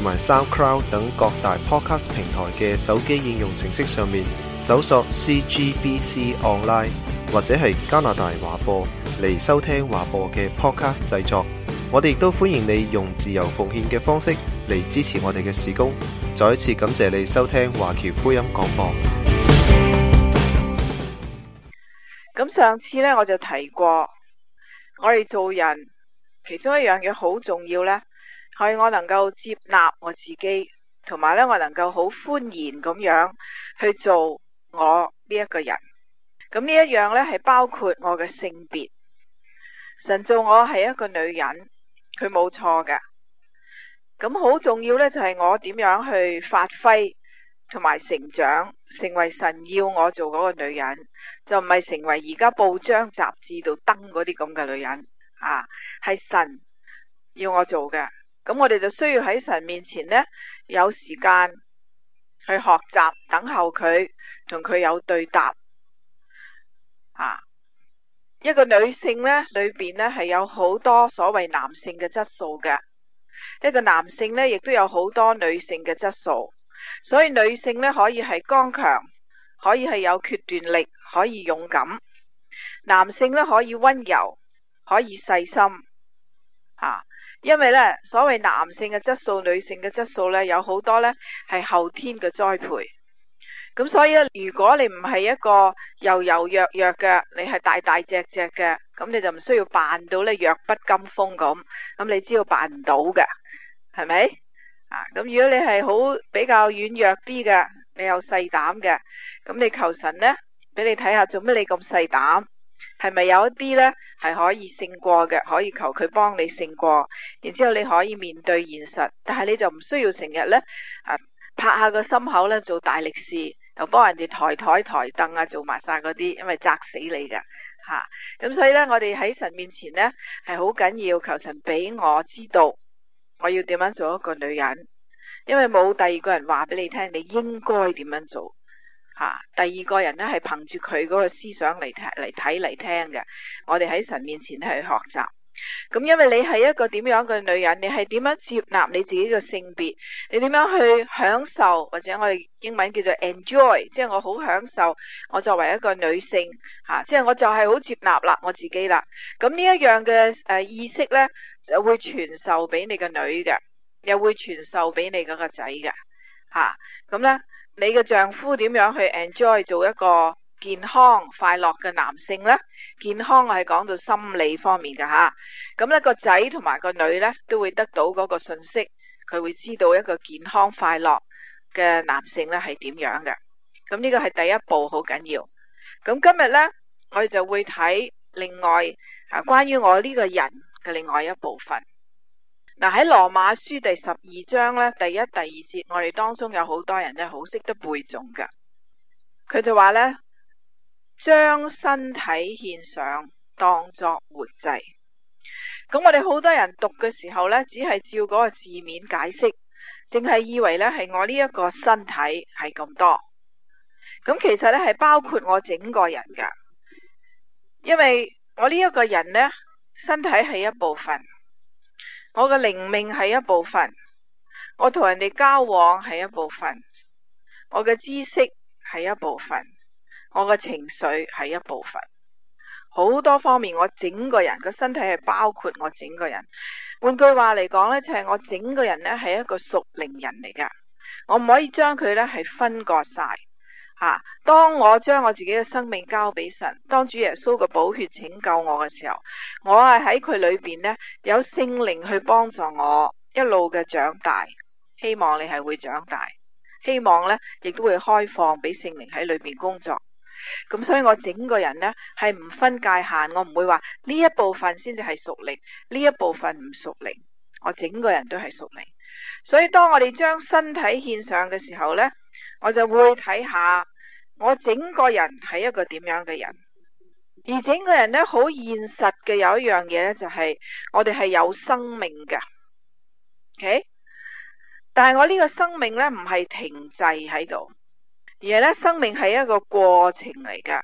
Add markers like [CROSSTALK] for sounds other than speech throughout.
同埋 SoundCloud 等各大 Podcast 平台嘅手機應用程式上面搜索 CGBC Online 或者係加拿大華播嚟收聽華播嘅 Podcast 製作，我哋亦都歡迎你用自由奉獻嘅方式嚟支持我哋嘅事工。再一次感謝你收聽華僑福音廣播。咁上次咧我就提過，我哋做人其中一樣嘢好重要咧，係我能夠接納我自己，同埋咧我能夠好歡迎咁樣去做我呢一個人。咁呢一樣咧係包括我嘅性別，神做我係一個女人，佢冇錯噶。咁好重要咧，就係我點樣去發揮同埋成長，成為神要我做嗰個女人，就唔係成為而家報章雜誌度登嗰啲咁嘅女人啊。係神要我做嘅。咁我哋就需要喺神面前呢，有時間去學習，等候佢，同佢有對答啊。一個女性呢裏面，呢係有好多所謂男性嘅質素嘅；一個男性呢亦都有好多女性嘅質素。所以女性呢可以係剛強，可以係有決斷力，可以勇敢；男性呢可以温柔，可以細心啊。因為呢，所謂男性嘅質素，女性嘅質素呢，有好多呢係後天嘅栽培。咁所以呢，如果你唔係一個柔柔弱弱嘅，你係大大隻隻嘅，咁你就唔需要扮到呢弱不禁風咁。咁你知道扮唔到嘅，係咪？啊，咁如果你係好比較軟弱啲嘅，你又細膽嘅，咁你求神呢，俾你睇下做咩你咁細膽。係咪有一啲呢？係可以勝過嘅？可以求佢幫你勝過，然之後你可以面對現實，但係你就唔需要成日呢、啊、拍下個心口呢做大力士，又幫人哋抬台抬凳啊做埋晒嗰啲，因為砸死你㗎吓。咁、啊、所以呢，我哋喺神面前呢，係好緊要，求神俾我知道我要點樣做一個女人，因為冇第二個人話俾你聽你應該點樣做。吓，第二個人咧係憑住佢嗰個思想嚟聽嚟睇嚟聽嘅。我哋喺神面前去學習。咁因為你係一個點樣嘅女人，你係點樣接納你自己嘅性別？你點樣去享受或者我哋英文叫做 enjoy，即係我好享受。我作為一個女性，吓，即係我就係好接納啦我自己啦。咁呢一樣嘅誒意識咧，就會傳授俾你個女嘅，又會傳授俾你嗰個仔嘅。吓，咁咧。你嘅丈夫點樣去 enjoy 做一個健康快樂嘅男性呢？健康我係講到心理方面嘅吓，咁呢個仔同埋個女呢，都會得到嗰個信息，佢會知道一個健康快樂嘅男性呢係點樣嘅。咁呢個係第一步好緊要。咁今日呢，我哋就會睇另外啊關於我呢個人嘅另外一部分。嗱，喺羅馬書第十二章咧，第一、第二節，我哋當中有好多人咧好識得背誦噶。佢就話咧，將身體獻上當作活祭。咁我哋好多人讀嘅時候咧，只係照嗰個字面解釋，淨係以為咧係我呢一個身體係咁多。咁其實咧係包括我整個人噶，因為我呢一個人咧，身體係一部分。我嘅靈命係一部分，我同人哋交往係一部分，我嘅知識係一部分，我嘅情緒係一部分，好多方面我整個人個身體係包括我整個人。換句話嚟講呢就係、是、我整個人呢係一個屬靈人嚟㗎，我唔可以將佢呢係分割晒。吓、啊！當我將我自己嘅生命交俾神，當主耶穌嘅寶血拯救我嘅時候，我係喺佢裏邊呢，有聖靈去幫助我一路嘅長大。希望你係會長大，希望呢亦都會開放俾聖靈喺裏邊工作。咁所以我整個人呢，係唔分界限，我唔會話呢一部分先至係屬靈，呢一部分唔屬靈，我整個人都係屬靈。所以當我哋將身體獻上嘅時候呢。我就會睇下我整個人係一個點樣嘅人，而整個人呢，好現實嘅有一樣嘢呢，就係我哋係有生命嘅。okay? 但係我呢個生命呢，唔係停滯喺度，而係呢，生命係一個過程嚟噶。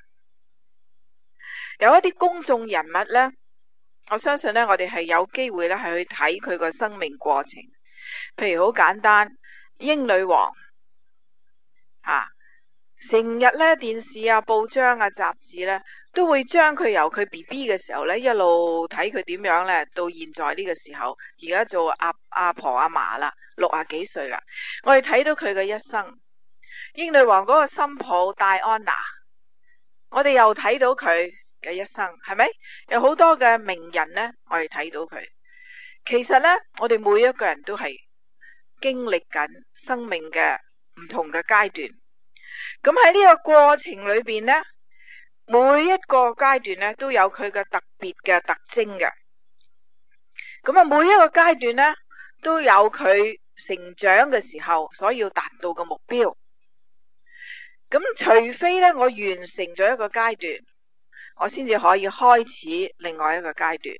有一啲公眾人物呢，我相信呢，我哋係有機會呢，係去睇佢個生命過程，譬如好簡單，英女王。啊！成日咧，電視啊、報章啊、雜誌咧，都會將佢由佢 B B 嘅時候咧，一路睇佢點樣咧，到現在呢個時候，而家做阿阿婆阿嫲啦，六啊幾歲啦。我哋睇到佢嘅一生，英女王嗰個新抱戴安娜，我哋又睇到佢嘅一生，係咪？有好多嘅名人呢，我哋睇到佢。其實呢，我哋每一個人都係經歷緊生命嘅。唔同嘅階段，咁喺呢個過程裏邊呢，每一個階段呢都有佢嘅特別嘅特徵嘅，咁啊每一個階段呢，都有佢成長嘅時候所要達到嘅目標，咁除非呢，我完成咗一個階段，我先至可以開始另外一個階段。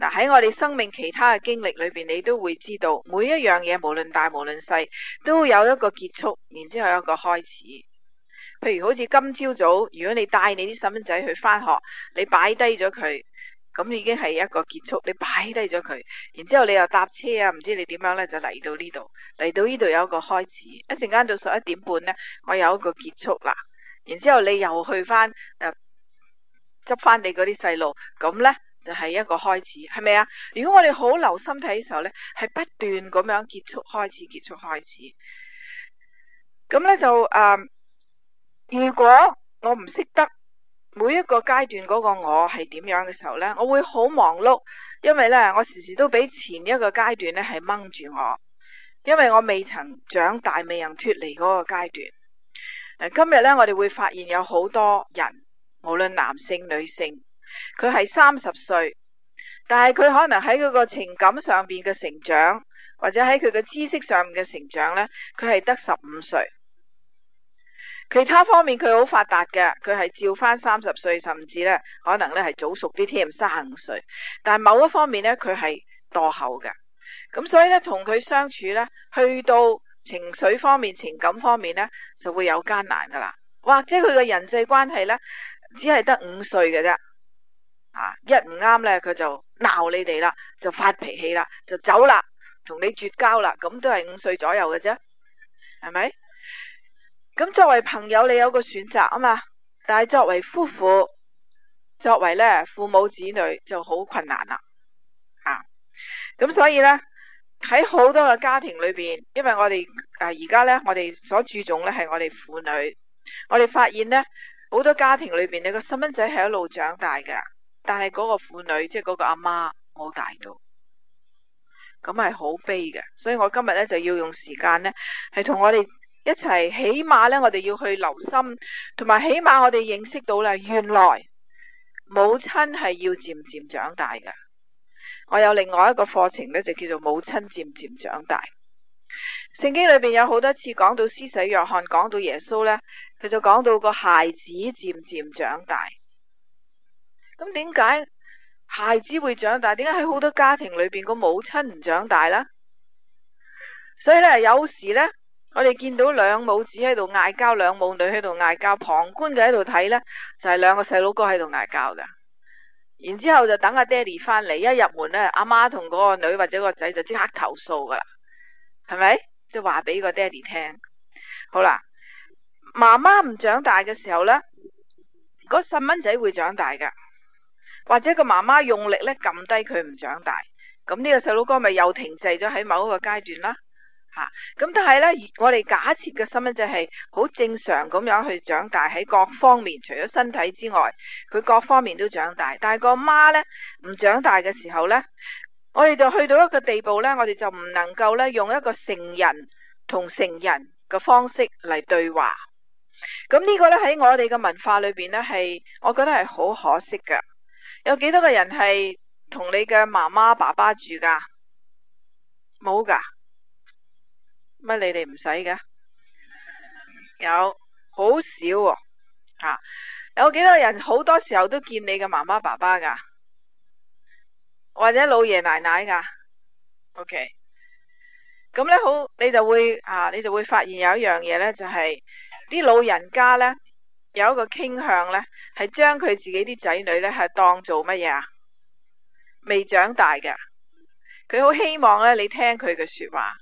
嗱，喺我哋生命其他嘅經歷裏邊，你都會知道每一樣嘢，無論大無論細，都有一個結束，然之後有一個開始。譬如好似今朝早，早，如果你帶你啲細蚊仔去翻學，你擺低咗佢，咁已經係一個結束。你擺低咗佢，然之後你又搭車啊，唔知你點樣呢？就嚟到呢度，嚟到呢度有一個開始。一陣間到十一點半呢，我有一個結束啦，然之後你又去翻誒執翻你嗰啲細路，咁呢。就係一個開始，係咪啊？如果我哋好留心睇嘅時候呢，係不斷咁樣結束、開始、結束、開始。咁呢就誒、呃，如果我唔識得每一個階段嗰個我係點樣嘅時候呢，我會好忙碌，因為呢，我時時都俾前一個階段呢係掹住我，因為我未曾長大，未能脫離嗰個階段。今日呢，我哋會發現有好多人，無論男性、女性。佢係三十歲，但係佢可能喺佢個情感上邊嘅成長，或者喺佢嘅知識上面嘅成長呢，佢係得十五歲。其他方面佢好發達嘅，佢係照翻三十歲，甚至呢可能呢係早熟啲添，三十五歲。但係某一方面呢，佢係墮後嘅，咁所以呢，同佢相處呢，去到情緒方面、情感方面呢，就會有艱難噶啦。或者佢嘅人際關係呢，只係得五歲嘅啫。啊！一唔啱咧，佢就鬧你哋啦，就發脾氣啦，就走啦，同你絕交啦。咁都係五歲左右嘅啫，係咪？咁作為朋友，你有個選擇啊嘛。但係作為夫婦，作為咧父母子女就好困難啦。啊，咁所以呢，喺好多嘅家庭裏邊，因為我哋誒而家呢，我哋所注重呢係我哋婦女，我哋發現呢，好多家庭裏邊，你個細蚊仔係一路長大嘅。但係嗰個婦女，即係嗰個阿媽冇大到，咁係好悲嘅。所以我今日呢，就要用時間呢，係同我哋一齊，起碼呢，我哋要去留心，同埋起碼我哋認識到啦，原來母親係要漸漸長大嘅。我有另外一個課程呢，就叫做《母親漸漸長大》。聖經裏邊有好多次講到施洗約翰，講到耶穌呢，佢就講到個孩子漸漸長大。咁點解孩子會長大？點解喺好多家庭裏邊個母親唔長大啦？所以咧，有時咧，我哋見到兩母子喺度嗌交，兩母女喺度嗌交，旁觀嘅喺度睇咧，就係兩個細佬哥喺度嗌交噶。然之後就等阿爹哋翻嚟，一入門咧，阿媽同嗰個女或者個仔就即刻投訴噶啦，係咪？即係話俾個爹哋聽。好啦，媽媽唔長大嘅時候咧，嗰細蚊仔會長大噶。或者個媽媽用力咧撳低佢唔長大，咁呢個細佬哥咪又停滯咗喺某一個階段啦，吓、啊、咁但係呢，我哋假設嘅身份咧就係好正常咁樣去長大喺各方面，除咗身體之外，佢各方面都長大，但係個媽咧唔長大嘅時候呢，我哋就去到一個地步呢，我哋就唔能夠呢，用一個成人同成人嘅方式嚟對話，咁呢個呢，喺我哋嘅文化裏邊呢，係，我覺得係好可惜噶。有幾多個人係同你嘅媽媽爸爸住噶？冇噶？乜你哋唔使噶？有好少喎，啊啊，有幾多人好多時候都見你嘅媽媽爸爸噶，或者老爺奶奶噶。OK，咁咧，好，你就會啊，你就會發現有一樣嘢呢，就係啲老人家呢。有一個傾向呢，係將佢自己啲仔女呢，係當做乜嘢啊？未長大嘅，佢好希望呢，你聽佢嘅說話，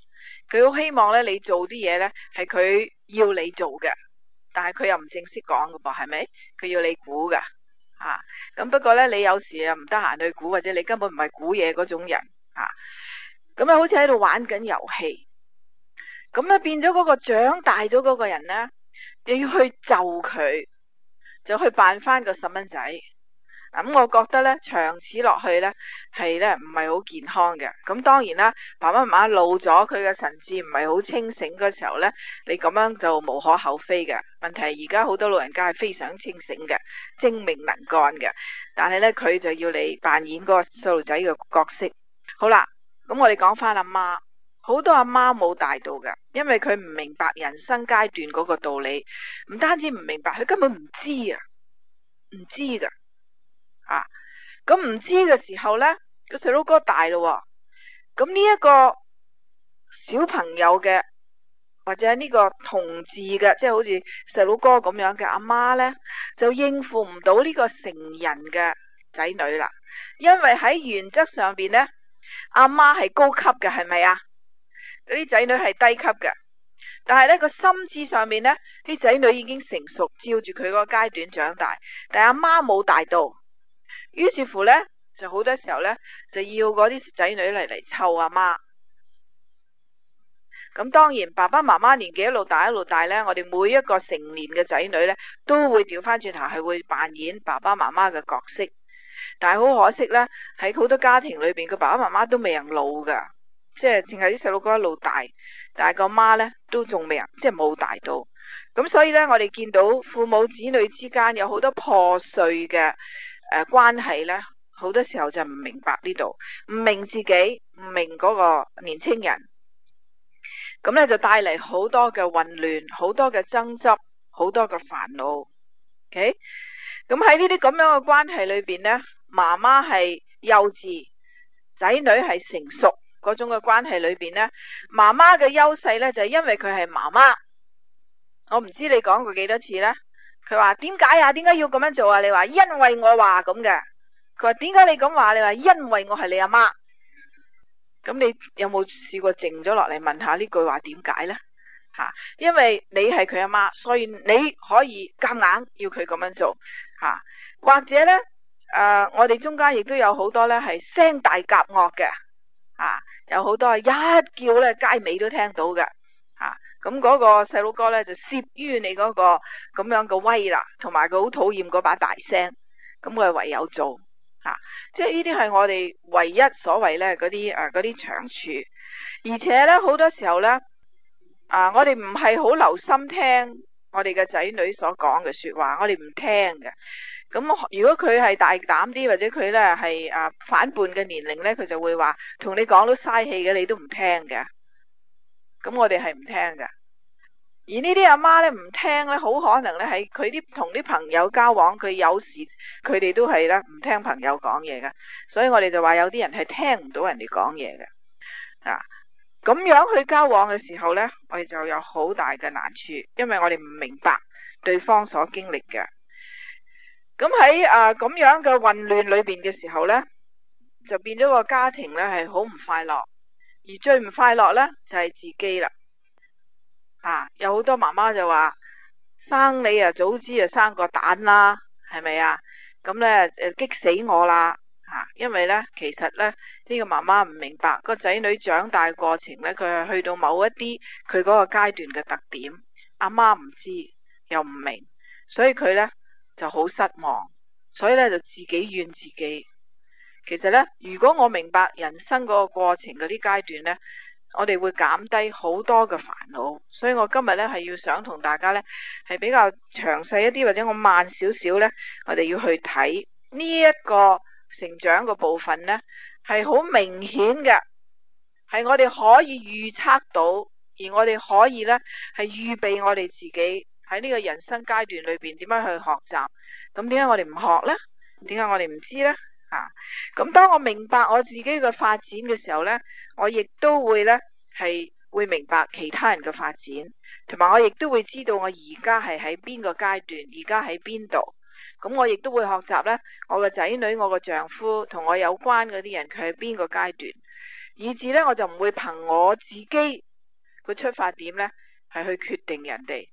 佢好希望呢，你做啲嘢呢，係佢要你做嘅，但係佢又唔正式講噶噃，係咪？佢要你估噶，啊咁不過呢，你有時又唔得閒去估，或者你根本唔係估嘢嗰種人，啊咁啊好似喺度玩緊遊戲，咁啊變咗嗰個長大咗嗰個人呢。你要去就佢，就去扮翻個細蚊仔。咁我覺得呢，長此落去呢，係呢唔係好健康嘅。咁當然啦，爸爸媽媽老咗，佢嘅神志唔係好清醒嗰時候呢，你咁樣就無可厚非嘅。問題係而家好多老人家係非常清醒嘅，精明能幹嘅，但係呢，佢就要你扮演嗰個細路仔嘅角色。好啦，咁我哋講翻阿媽，媽。好多阿媽冇大到噶，因為佢唔明白人生階段嗰個道理，唔單止唔明白，佢根本唔知，知啊，唔知噶啊。咁唔知嘅時候呢，個細佬哥大咯，咁呢一個小朋友嘅，或者呢個同志嘅，即係好似細佬哥咁樣嘅阿媽呢，就應付唔到呢個成人嘅仔女啦。因為喺原則上邊呢，阿媽係高級嘅，係咪啊？嗰啲仔女係低級嘅，但係呢個心智上面呢啲仔女已經成熟，照住佢嗰個階段長大，但阿媽冇大到，於是乎呢，就好多時候呢，就要嗰啲仔女嚟嚟湊阿媽。咁當然爸爸媽媽年紀一路大一路大呢，我哋每一個成年嘅仔女呢，都會調翻轉頭係會扮演爸爸媽媽嘅角色，但係好可惜呢，喺好多家庭裏邊，佢爸爸媽媽都未人老噶。即係淨係啲細路哥一路大，但係個媽呢都仲未，即係冇大到。咁所以呢，我哋見到父母子女之間有好多破碎嘅，誒、呃、關係咧，好多時候就唔明白呢度，唔明自己，唔明嗰個年青人。咁呢，就帶嚟好多嘅混亂，好多嘅爭執，好多嘅煩惱。OK，咁喺呢啲咁樣嘅關係裏邊呢，媽媽係幼稚，仔女係成熟。嗰種嘅關係裏邊呢，媽媽嘅優勢呢，就係因為佢係媽媽。我唔知你講過幾多次咧，佢話，點解啊？點解要咁樣做啊？你話因為我話咁嘅，佢話，點解你咁話？你話因為我係你阿媽。咁你有冇試過靜咗落嚟問下呢句話點解呢？吓，因為你係佢阿媽，所以你可以夾硬要佢咁樣做吓。或者呢，誒，我哋中間亦都有好多呢係聲大夾惡嘅啊。有好多一叫咧，街尾都聽到嘅。吓，咁嗰個細佬哥咧就懾於你嗰個咁樣嘅威啦，同埋佢好討厭嗰把大聲，咁、嗯、佢唯有做，吓、啊、即係呢啲係我哋唯一所謂咧嗰啲誒嗰啲長處，而且咧好多時候咧，啊、呃、我哋唔係好留心聽我哋嘅仔女所講嘅說話，我哋唔聽嘅。咁如果佢係大膽啲，或者佢咧係啊反叛嘅年齡呢，佢就會話同你講都嘥氣嘅，你都唔聽嘅。咁我哋係唔聽嘅。而呢啲阿媽呢，唔聽呢，好可能呢，係佢啲同啲朋友交往，佢有時佢哋都係咧唔聽朋友講嘢嘅。所以我哋就話有啲人係聽唔到人哋講嘢嘅。啊，咁樣去交往嘅時候呢，我哋就有好大嘅難處，因為我哋唔明白對方所經歷嘅。咁喺啊咁樣嘅混亂裏邊嘅時候呢，就變咗個家庭呢係好唔快樂，而最唔快樂呢，就係、是、自己啦。啊，有好多媽媽就話生你啊，早知啊生個蛋啦，係咪啊？咁呢，誒激死我啦！吓、啊，因為呢，其實呢、呢、這個媽媽唔明白個仔女長大過程呢，佢係去到某一啲佢嗰個階段嘅特點，阿媽唔知又唔明，所以佢呢。就好失望，所以咧就自己怨自己。其實呢，如果我明白人生嗰個過程嗰啲階段呢，我哋會減低好多嘅煩惱。所以我今日呢，係要想同大家呢，係比較詳細一啲，或者我慢少少呢，我哋要去睇呢一個成長嘅部分呢，係好明顯嘅，係我哋可以預測到，而我哋可以呢，係預備我哋自己。喺呢個人生階段裏邊，點樣去學習？咁點解我哋唔學呢？點解我哋唔知呢？嚇、啊！咁當我明白我自己嘅發展嘅時候呢，我亦都會呢，係會明白其他人嘅發展，同埋我亦都會知道我而家係喺邊個階段，而家喺邊度。咁我亦都會學習呢，我嘅仔女、我嘅丈夫同我有關嗰啲人，佢喺邊個階段，以至呢，我就唔會憑我自己個出發點呢，係去決定人哋。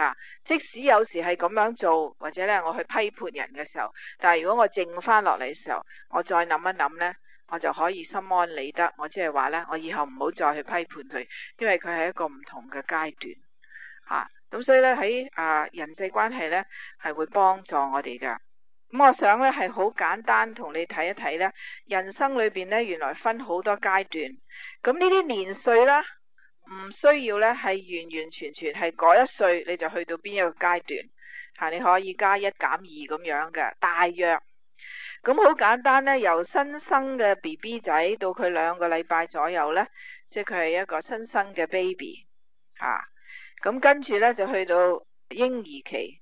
啊、即使有時係咁樣做，或者咧我去批判人嘅時候，但係如果我靜翻落嚟嘅時候，我再諗一諗呢，我就可以心安理得。我即係話呢，我以後唔好再去批判佢，因為佢係一個唔同嘅階段。咁、啊、所以呢，喺啊、呃、人際關係呢係會幫助我哋噶。咁、嗯、我想呢係好簡單同你睇一睇呢，人生裏邊呢，原來分好多階段。咁呢啲年歲啦。唔需要咧，係完完全全係嗰一歲你就去到邊一個階段吓，你可以加一減二咁樣嘅，大約咁好簡單咧。由新生嘅 B B 仔到佢兩個禮拜左右咧，即係佢係一個新生嘅 baby 吓，咁跟住咧就去到嬰兒期。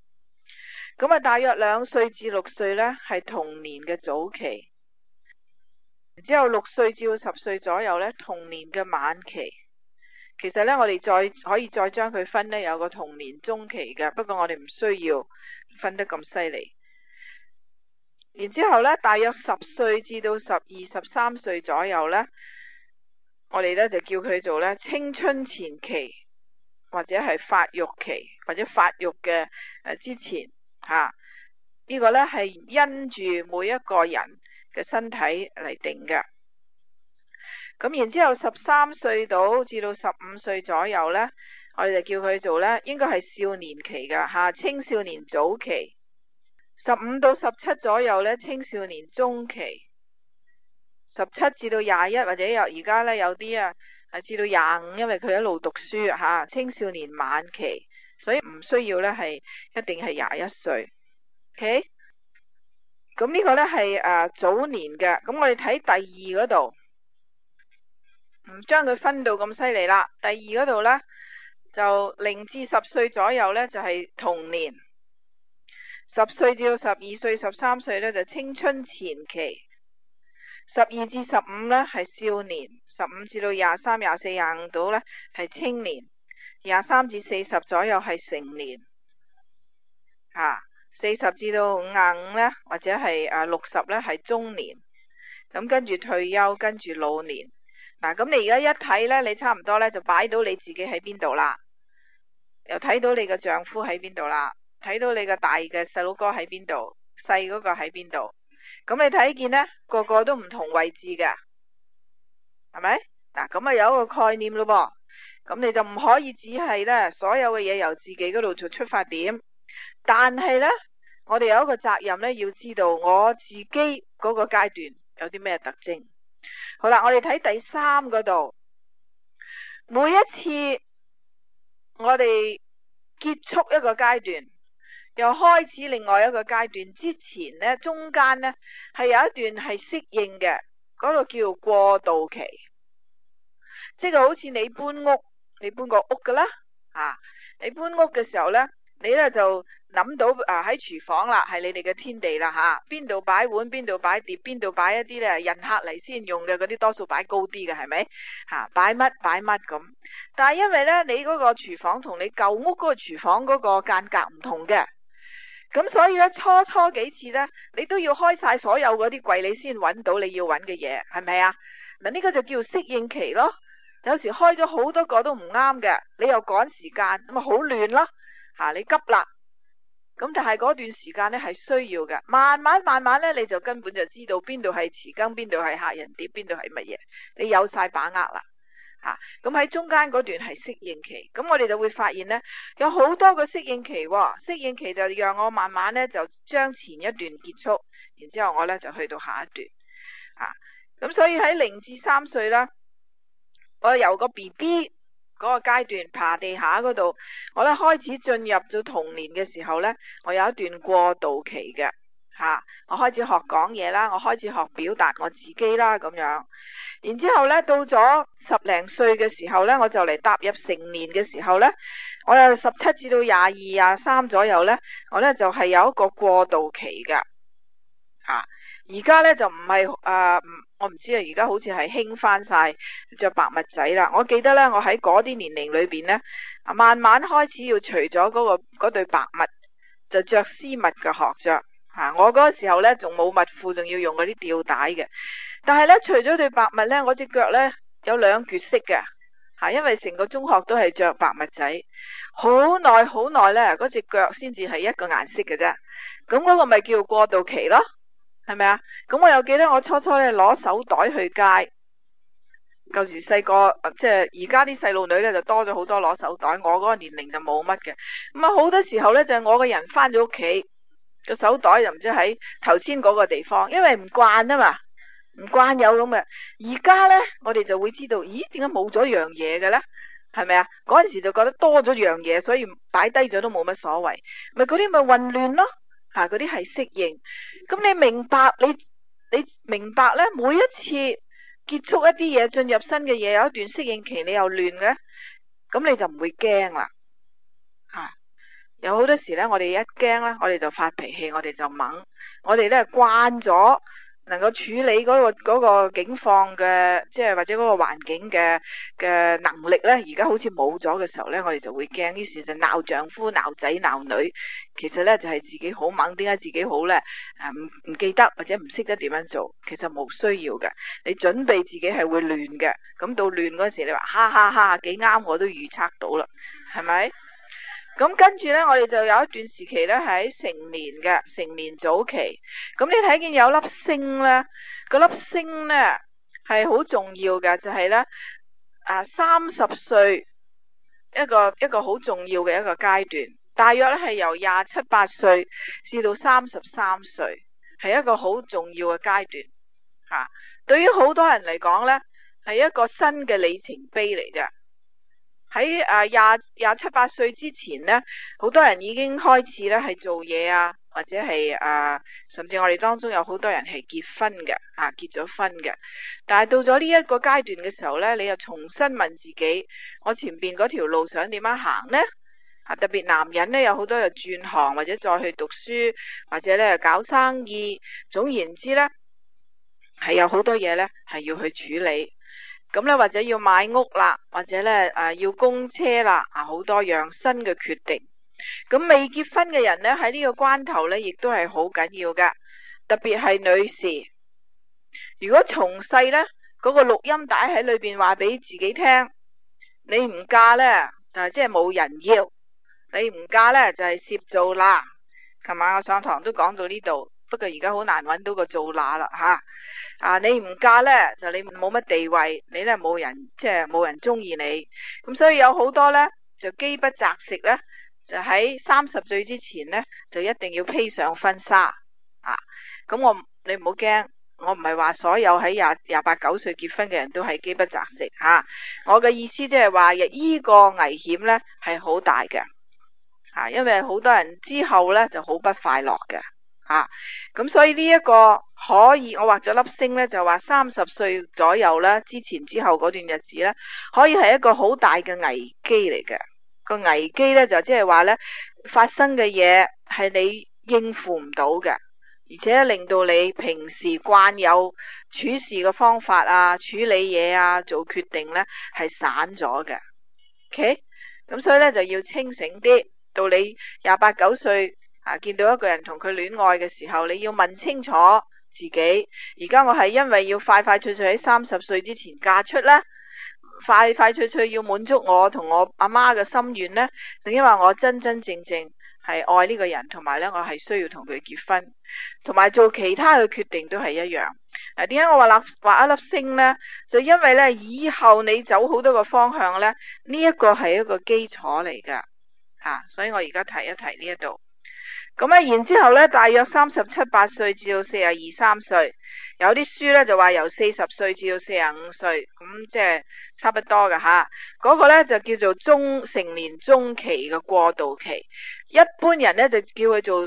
咁啊，大約兩歲至六歲咧係童年嘅早期，然之後六歲至到十歲左右咧童年嘅晚期。其實咧，我哋再可以再將佢分咧，有個童年中期嘅，不過我哋唔需要分得咁犀利。然之後咧，大約十歲至到十二、十三歲左右咧，我哋咧就叫佢做咧青春前期或者係發育期或者發育嘅誒之前吓。啊這個、呢個咧係因住每一個人嘅身體嚟定㗎。咁然之後十三歲到至到十五歲左右咧，我哋就叫佢做咧，應該係少年期㗎吓、啊，青少年早期，十五到十七左右咧，青少年中期，十七至到廿一或者有而家咧有啲啊，係至到廿五，因為佢一路讀書吓、啊，青少年晚期，所以唔需要咧係一定係廿一歲。OK、okay? 咁、嗯這個、呢個咧係誒早年嘅，咁、嗯、我哋睇第二嗰度。唔將佢分到咁犀利啦。第二嗰度呢，就零至十歲左右呢，就係童年；十歲至到十二歲、十三歲呢，就青春前期；十二至十五呢，係少年，十五至到廿三、廿四、廿五度呢，係青年；廿三至四十左右係成年，吓四十至到五十五呢，或者係誒六十呢，係中年。咁跟住退休，跟住老年。嗱，咁你而家一睇呢，你差唔多呢就擺到你自己喺邊度啦，又睇到你嘅丈夫喺邊度啦，睇到你嘅大嘅細佬哥喺邊度，細嗰個喺邊度，咁你睇見呢，個個都唔同位置㗎，係咪？嗱，咁啊有一個概念咯噃，咁你就唔可以只係呢所有嘅嘢由自己嗰度做出發點，但係呢，我哋有一個責任呢，要知道我自己嗰個階段有啲咩特徵。好啦，我哋睇第三嗰度，每一次我哋結束一個階段，又開始另外一個階段之前呢，中間呢係有一段係適應嘅，嗰度叫過渡期，即係好似你搬屋，你搬個屋噶啦，啊，你搬屋嘅時候呢。你咧就諗到、呃、房啊，喺廚房啦，係你哋嘅天地啦吓，邊度擺碗，邊度擺碟，邊度擺一啲咧人客嚟先用嘅嗰啲，多數擺高啲嘅係咪吓？擺乜擺乜咁？但係因為咧，你嗰個廚房同你舊屋嗰個廚房嗰個間隔唔同嘅，咁所以咧初初幾次咧，你都要開晒所有嗰啲櫃，你先搵到你要搵嘅嘢，係咪啊？嗱，呢個就叫適應期咯。有時開咗好多個都唔啱嘅，你又趕時間，咁咪好亂咯。吓、啊、你急啦，咁但係嗰段時間咧係需要嘅，慢慢慢慢咧你就根本就知道邊度係匙羹，邊度係客人碟，邊度係乜嘢，你有晒把握啦。吓、啊，咁、啊、喺、嗯、中間嗰段係適應期，咁、嗯、我哋就會發現咧，有好多個適應期、哦，適應期就讓我慢慢咧就將前一段結束，然之後我咧就去到下一段。吓、啊，咁、嗯、所以喺零至三歲啦，我由個 B B。嗰個階段爬地下嗰度，我咧開始進入咗童年嘅時候呢，我有一段過渡期嘅。吓、啊，我開始學講嘢啦，我開始學表達我自己啦咁樣，然之後咧到咗十零歲嘅時候呢，我就嚟踏入成年嘅時候呢，我由十七至到廿二廿三左右呢，我呢就係、是、有一個過渡期嘅。吓、啊，而家呢，就唔係啊。呃我唔知啊，而家好似係興返晒着白襪仔啦。我記得呢，我喺嗰啲年齡裏邊咧，慢慢開始要除咗嗰、嗰個對白襪，就着絲襪嘅學着。吓、啊，我嗰個時候呢，仲冇襪褲，仲要用嗰啲吊帶嘅。但係呢，除咗對白襪呢，我隻腳呢，有兩絕色嘅。吓、啊，因為成個中學都係着白襪仔，好耐好耐呢，嗰隻腳先至係一個顏色嘅啫。咁、嗰、嗰個咪叫過渡期咯。係咪啊？咁我又記得我初初咧，攞手袋去街，舊時細個，即係而家啲細路女咧，就多咗好多攞手袋，我嗰個年齡就冇乜嘅。咁啊，好多時候咧，就係我個人翻咗屋企，個手袋就唔知喺頭先嗰個地方，因為唔慣啊嘛，唔慣有咁嘅。而家咧，我哋就會知道，咦？點解冇咗樣嘢嘅咧？係咪啊？嗰陣時就覺得多咗樣嘢，所以擺低咗都冇乜所謂，咪嗰啲咪混亂咯。啊！嗰啲係適應，咁、嗯嗯、你明白，你你明白咧，每一次結束一啲嘢，進入新嘅嘢，有一段適應期，你又亂嘅，咁、嗯、你就唔會驚啦。嚇、啊！有好多時咧，我哋一驚咧，我哋就發脾氣，我哋就猛，我哋都係慣咗。能夠處理嗰、嗰個、嗰個警況嘅，即係或者嗰個環境嘅嘅能力呢。而家好似冇咗嘅時候呢，我哋就會驚，於是就鬧丈夫、鬧仔、鬧女。其實呢，就係、是、自己好猛，點解自己好呢？唔、嗯、唔記得或者唔識得點樣做，其實冇需要嘅。你準備自己係會亂嘅，咁到亂嗰時，你話哈，哈哈哈，幾啱我都預測到啦，係咪？咁跟住呢，我哋就有一段時期呢，喺成年嘅成年早期。咁、嗯、你睇見有粒星呢，嗰粒星呢係好重要嘅，就係、是、呢啊三十歲一個一個好重要嘅一個階段，大約呢係由廿七八歲至到三十三歲，係一個好重要嘅階段嚇、啊。對於好多人嚟講呢，係一個新嘅里程碑嚟嘅。喺誒廿廿七八歲之前呢，好多人已經開始呢係做嘢啊，或者係誒、啊，甚至我哋當中有好多人係結婚嘅，啊結咗婚嘅。但係到咗呢一個階段嘅時候呢，你又重新問自己：我前邊嗰條路想點樣行呢？啊，特別男人呢，有好多又轉行，或者再去讀書，或者呢搞生意。總言之呢，係有好多嘢呢係要去處理。咁咧，或者要買屋啦，或者咧誒要供車啦，啊好多樣新嘅決定。咁未結婚嘅人咧，喺呢個關頭咧，亦都係好緊要㗎。特別係女士，如果從細咧，嗰個錄音帶喺裏邊話俾自己聽，你唔嫁咧就係即係冇人要，你唔嫁咧就係攝灶罅。琴晚我上堂都講到呢度，不過而家好難揾到個灶罅啦吓。啊啊！你唔嫁呢，就你冇乜地位，你呢，冇人即係冇人中意你，咁所以有好多呢，就饑不擇食呢，就喺三十歲之前呢，就一定要披上婚紗啊！咁我你唔好驚，我唔係話所有喺廿廿八九歲結婚嘅人都係饑不擇食吓、啊，我嘅意思即係話呢個危險呢係好大嘅吓、啊，因為好多人之後呢就好不快樂嘅。吓，咁、啊嗯、所以呢一個可以我畫咗粒星咧，就話三十歲左右啦，之前之後嗰段日子咧，可以係一個好大嘅危機嚟嘅。個危機咧就即係話咧發生嘅嘢係你應付唔到嘅，而且令到你平時慣有處事嘅方法啊、處理嘢啊、做決定咧係散咗嘅。OK，咁、嗯、所以咧就要清醒啲，到你廿八九歲。啊！見到一個人同佢戀愛嘅時候，你要問清楚自己。而家我係因為要快快脆脆喺三十歲之前嫁出呢，快快脆脆要滿足我同我阿媽嘅心願呢，定，因為我真真正正係愛呢個人，同埋呢我係需要同佢結婚，同埋做其他嘅決定都係一樣。啊！點解我話立畫一粒星呢？就因為呢以後你走好多個方向呢，呢一個係一個基礎嚟噶吓，所以我而家提一提呢一度。咁咧，然之後咧，大約三十七八歲至到四十二三歲，有啲書咧就話由四十歲至到四十五歲，咁即係差不多噶吓。嗰、那個咧就叫做中成年中期嘅過渡期，一般人咧就叫佢做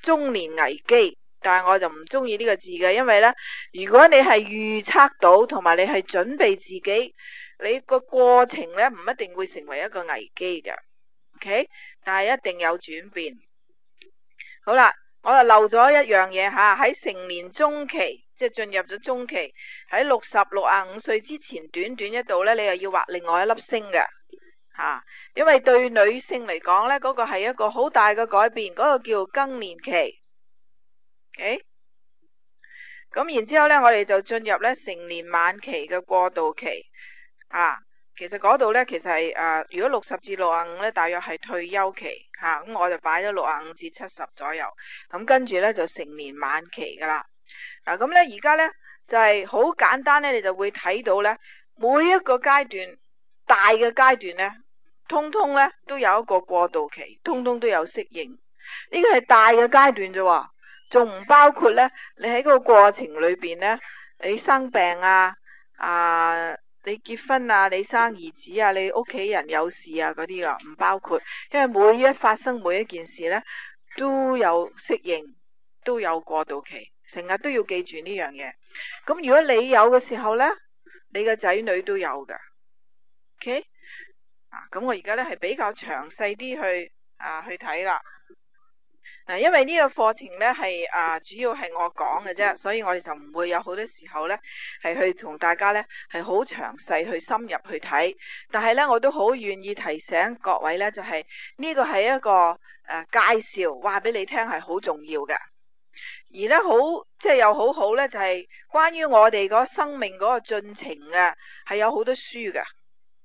中年危機，但係我就唔中意呢個字嘅，因為咧如果你係預測到同埋你係準備自己，你個過程咧唔一定會成為一個危機嘅，OK？但係一定有轉變。好啦，我就漏咗一樣嘢吓，喺成年中期，即係進入咗中期，喺六十六啊五歲之前，短短一度呢，你又要畫另外一粒星嘅吓、啊，因為對女性嚟講呢，嗰、那個係一個好大嘅改變，嗰、那個叫更年期，誒、啊，咁然之後呢，我哋就進入呢成年晚期嘅過渡期，啊。其實嗰度咧，其實係誒、呃，如果六十至六啊五咧，大約係退休期吓，咁、啊、我就擺咗六啊五至七十左右。咁、啊、跟住咧就成年晚期噶啦。嗱、啊，咁咧而家咧就係、是、好簡單咧，你就會睇到咧，每一個階段大嘅階段咧，通通咧都有一個過渡期，通通都有適應。呢、這個係大嘅階段啫，仲唔包括咧？你喺個過程裏邊咧，你生病啊啊！你結婚啊，你生兒子啊，你屋企人有事啊嗰啲噶，唔包括。因為每一發生每一件事呢，都有適應，都有過渡期，成日都要記住呢樣嘢。咁如果你有嘅時候呢，你個仔女都有㗎，OK？啊，咁我而家呢係比較詳細啲去啊去睇啦。嗱，因為呢個課程呢，係啊、呃，主要係我講嘅啫，所以我哋就唔會有好多時候呢，係去同大家呢，係好詳細去深入去睇。但係呢，我都好願意提醒各位呢，就係、是、呢、這個係一個誒、呃、介紹，話俾你聽係好重要嘅。而呢，好即係又好好呢，就係、是、關於我哋個生命嗰個進程啊，係有好多書㗎。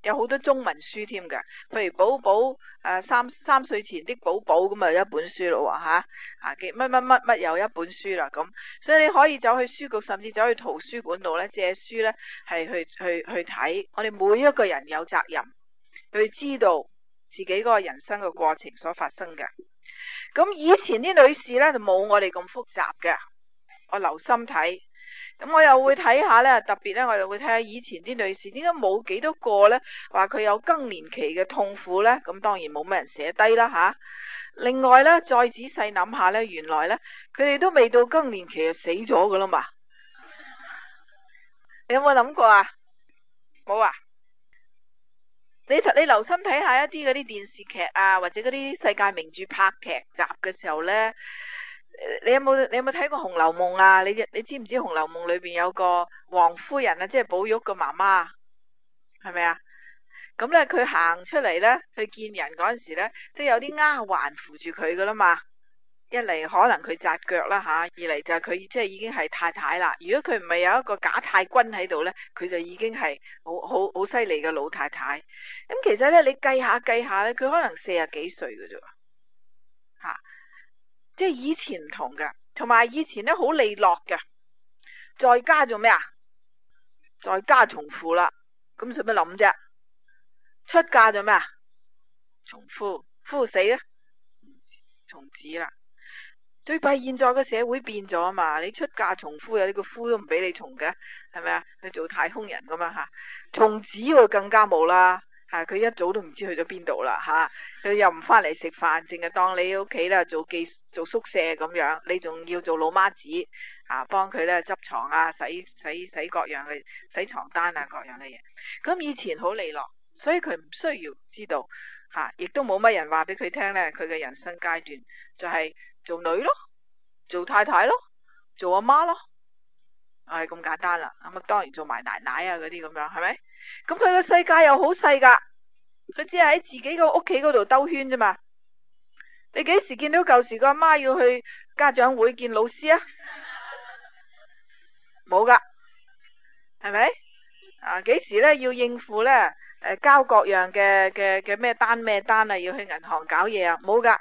有好多中文書添嘅，譬如寶寶誒三三歲前的寶寶咁啊，有一本書咯吓，啊乜乜乜乜有一本書啦咁、啊，所以你可以走去書局，甚至走去圖書館度咧借書咧，係去去去睇。我哋每一個人有責任去知道自己嗰個人生嘅過程所發生嘅。咁以前啲女士咧就冇我哋咁複雜嘅，我留心睇。咁我又會睇下呢，特別呢，我又會睇下以前啲女士點解冇幾多個呢？話佢有更年期嘅痛苦呢，咁當然冇咩人寫低啦吓。另外呢，再仔細諗下呢，原來呢，佢哋都未到更年期就死咗噶啦嘛。你有冇諗過啊？冇啊？你你留心睇下一啲嗰啲電視劇啊，或者嗰啲世界名著拍劇集嘅時候呢。你有冇你有冇睇過《紅樓夢》啊？你你知唔知《紅樓夢》裏邊有個王夫人啊？即係寶玉個媽媽，係咪啊？咁咧，佢行出嚟咧，去見人嗰陣時咧，都有啲丫鬟扶住佢噶啦嘛。一嚟可能佢紮腳啦吓，二嚟就係佢即係已經係太太啦。如果佢唔係有一個賈太君喺度咧，佢就已經係好好好犀利嘅老太太。咁、嗯、其實咧，你計下計下咧，佢可能四十幾歲嘅啫。即係以前唔同噶，同埋以前咧好利落噶，在家做咩啊？在家從父啦，咁使乜諗啫？出嫁做咩啊？從夫，夫死咧，從子啦。最弊，現在個社會變咗啊嘛，你出嫁從夫，有呢個夫都唔俾你從嘅，係咪啊？你做太空人咁樣吓，從子更加冇啦。係佢、啊、一早都唔知去咗邊度啦，吓、啊、佢又唔翻嚟食飯，淨係當你屋企啦，做寄做宿舍咁樣，你仲要做老媽子，啊幫佢咧執床啊、洗洗洗各樣嘅洗床單啊、各樣嘅嘢。咁、啊、以前好利落，所以佢唔需要知道，吓、啊、亦都冇乜人話俾佢聽咧。佢嘅人生階段就係做女咯，做太太咯，做阿媽咯，係咁簡單啦、啊。咁啊，當然做埋奶奶啊嗰啲咁樣，係咪？咁佢個世界又好細噶，佢只係喺自己個屋企嗰度兜圈啫嘛。你幾時見到舊時個阿媽要去家長會見老師啊？冇噶，係咪？啊，幾時咧要應付咧？誒、呃，交各樣嘅嘅嘅咩單咩單啊，要去銀行搞嘢啊？冇噶，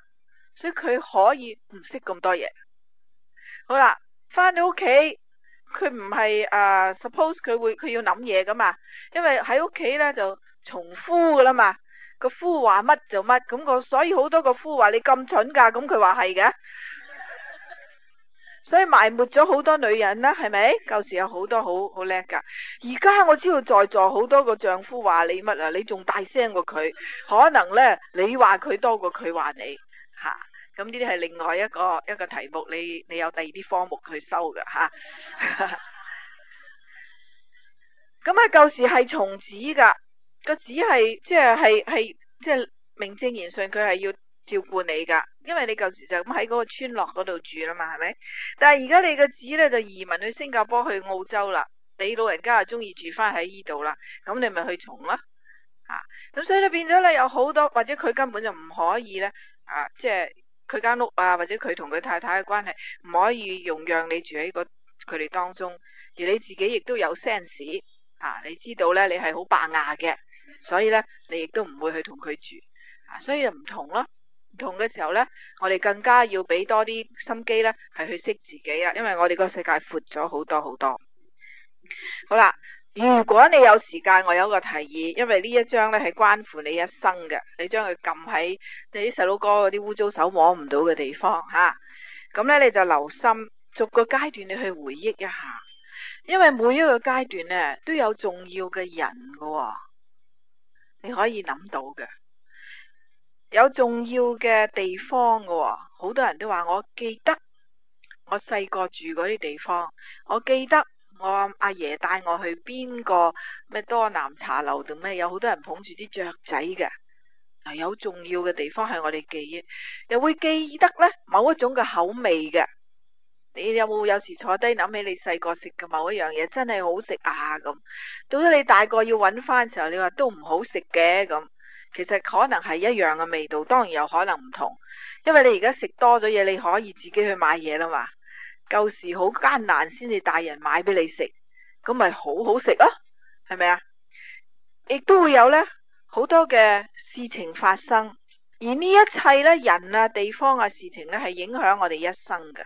所以佢可以唔識咁多嘢。好啦，翻到屋企。佢唔係誒，suppose 佢會佢要諗嘢噶嘛？因為喺屋企咧就從夫噶啦嘛，個夫話乜就乜，咁個所以好多個夫話你咁蠢噶，咁佢話係嘅， [LAUGHS] 所以埋沒咗好多女人啦，係咪？舊時有好多好好叻噶，而家我知道在座好多個丈夫話你乜啊，你仲大聲過佢，可能咧你話佢多過佢話你，吓。咁呢啲係另外一個一個題目，你你有第二啲科目去收嘅吓。咁喺舊時係從子噶，個子係即係係係即係名正言順，佢係要照顧你噶，因為你舊時就咁喺嗰個村落嗰度住啦嘛，係咪？但係而家你個子咧就移民去新加坡、去澳洲啦，你老人家啊中意住翻喺依度啦，咁你咪去從啦，啊！咁所以咧變咗咧有好多或者佢根本就唔可以咧，啊！即係。佢間屋啊，或者佢同佢太太嘅關係唔可以容讓你住喺佢哋當中，而你自己亦都有 sense 啊，你知道咧你係好霸掗嘅，所以咧你亦都唔會去同佢住啊，所以又唔同咯，唔同嘅時候咧，我哋更加要俾多啲心機咧，係去識自己啦，因為我哋個世界闊咗好多好多，好啦。如果你有時間，我有一個提議，因為呢一張咧，係關乎你一生嘅，你將佢撳喺你啲細佬哥嗰啲污糟手摸唔到嘅地方吓。咁咧你就留心逐個階段你去回憶一下，因為每一個階段咧都有重要嘅人嘅、喎，你可以諗到嘅，有重要嘅地方嘅、喎，好多人都話我記得我細個住嗰啲地方，我記得。我阿爺帶我去邊個咩多南茶樓度，咩，有好多人捧住啲雀仔嘅。有重要嘅地方係我哋記憶，又會記得呢某一種嘅口味嘅。你有冇有，有時坐低諗起你細個食嘅某一樣嘢，真係好食啊！咁到咗你大個要揾翻嘅時候，你話都唔好食嘅咁。其實可能係一樣嘅味道，當然有可能唔同，因為你而家食多咗嘢，你可以自己去買嘢啦嘛。舊時好艱難，先至大人買俾你食，咁咪好好食囉？係咪啊？亦都會有呢好多嘅事情發生，而呢一切呢，人啊、地方啊、事情呢，係影響我哋一生噶，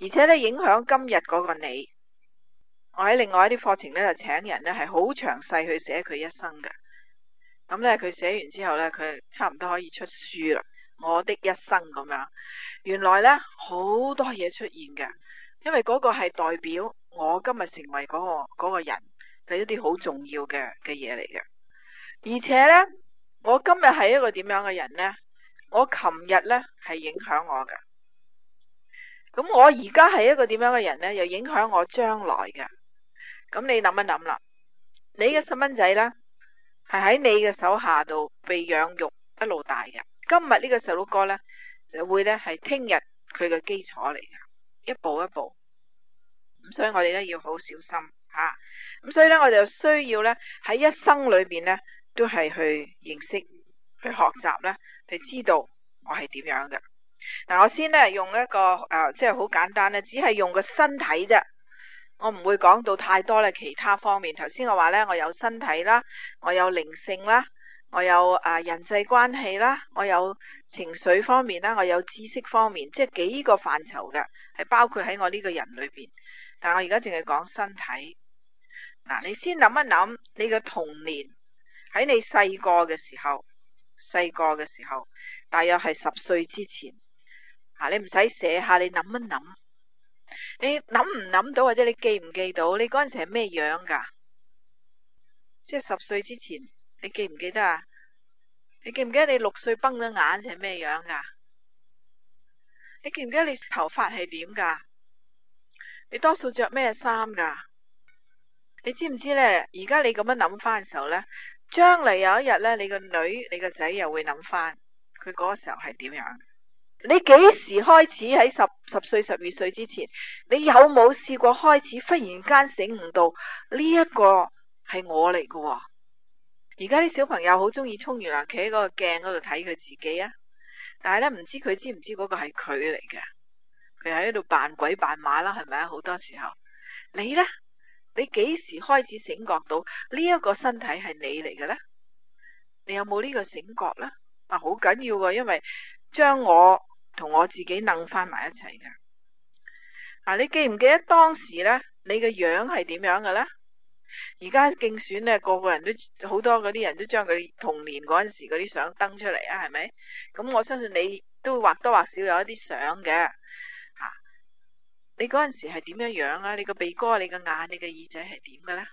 而且呢，影響今日嗰個你。我喺另外一啲課程呢，就請人呢，係好詳細去寫佢一生噶，咁呢，佢寫完之後呢，佢差唔多可以出書啦。我的一生咁樣，原來呢，好多嘢出現嘅。因為嗰個係代表我今日成為嗰、嗰個、嗰個人嘅、係、一啲好重要嘅嘅嘢嚟嘅。而且呢，我今日係一個點樣嘅人呢？我琴日，呢係影響我嘅，咁我而家係一個點樣嘅人呢？又影響我將來嘅。咁你諗一諗啦，你嘅細蚊仔呢，係喺你嘅手下度被養育一路大嘅，今日呢個細佬哥呢，就會呢係聽日佢嘅基礎嚟嘅。一步一步，咁所以我哋咧要好小心吓，咁、啊、所以咧我哋就需要咧喺一生裏邊咧都係去認識、去學習咧，去知道我係點樣嘅。嗱、啊，我先咧用一個誒，即係好簡單咧，只係用個身體啫，我唔會講到太多咧其他方面。頭先我話咧，我有身體啦，我有靈性啦。我有啊、呃，人際關係啦，我有情緒方面啦，我有知識方面，即係幾個範疇嘅，係包括喺我呢個人裏邊。但係我而家淨係講身體。嗱，你先諗一諗，你嘅童年喺你細個嘅時候，細個嘅時候，大約係十歲之前。嚇，你唔使寫下，你諗一諗，你諗唔諗到，或者你記唔記到，你嗰陣時係咩樣㗎？即係十歲之前。你記唔記得啊？你記唔記得你六歲崩咗眼係咩樣噶？你記唔記得你頭髮係點噶？你多數着咩衫噶？你知唔知咧？而家你咁樣諗翻嘅時候咧，將嚟有一日咧，你個女、你個仔又會諗翻，佢嗰個時候係點樣？你幾時開始喺十、十歲、十二歲之前，你有冇試過開始忽然間醒悟到呢一個係我嚟嘅？而家啲小朋友好鍾意沖完涼，企喺嗰個鏡嗰度睇佢自己啊！但係咧，唔知佢知唔知嗰個係佢嚟嘅。佢喺度扮鬼扮馬啦，係咪啊？好多時候，你咧，你幾時開始醒覺到呢一個身體係你嚟嘅咧？你有冇呢個醒覺咧？啊，好緊要噶，因為將我同我自己擰翻埋一齊嘅。嗱、啊，你記唔記得當時咧，你嘅樣係點樣嘅咧？而家競選咧，個個人都好多嗰啲人都將佢童年嗰陣時嗰啲相登出嚟啊，係咪？咁我相信你都會或多或少有一啲相嘅吓。你嗰陣時係點樣樣啊？你個鼻哥、你個眼、你個耳仔係點嘅咧？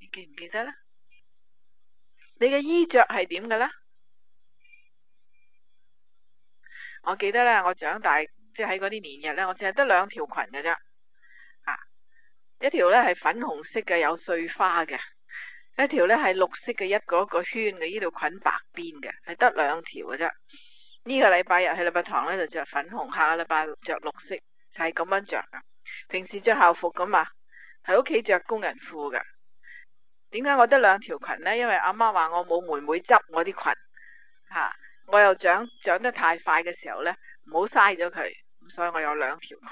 你記唔記得咧？你嘅衣着係點嘅咧？我記得咧，我長大即係喺嗰啲年日咧，我淨係得兩條裙嘅啫。一條咧係粉紅色嘅，有碎花嘅；一條咧係綠色嘅，一個一個圈嘅。呢條裙白邊嘅，係得兩條嘅啫。這個、呢個禮拜日喺禮拜堂咧就着粉紅，下禮拜着綠色，就係、是、咁樣着噶平時着校服噶嘛，喺屋企着工人褲噶。點解我得兩條裙呢？因為阿媽話我冇妹妹執我啲裙，吓、啊、我又長長得太快嘅時候呢，唔好嘥咗佢，所以我有兩條裙。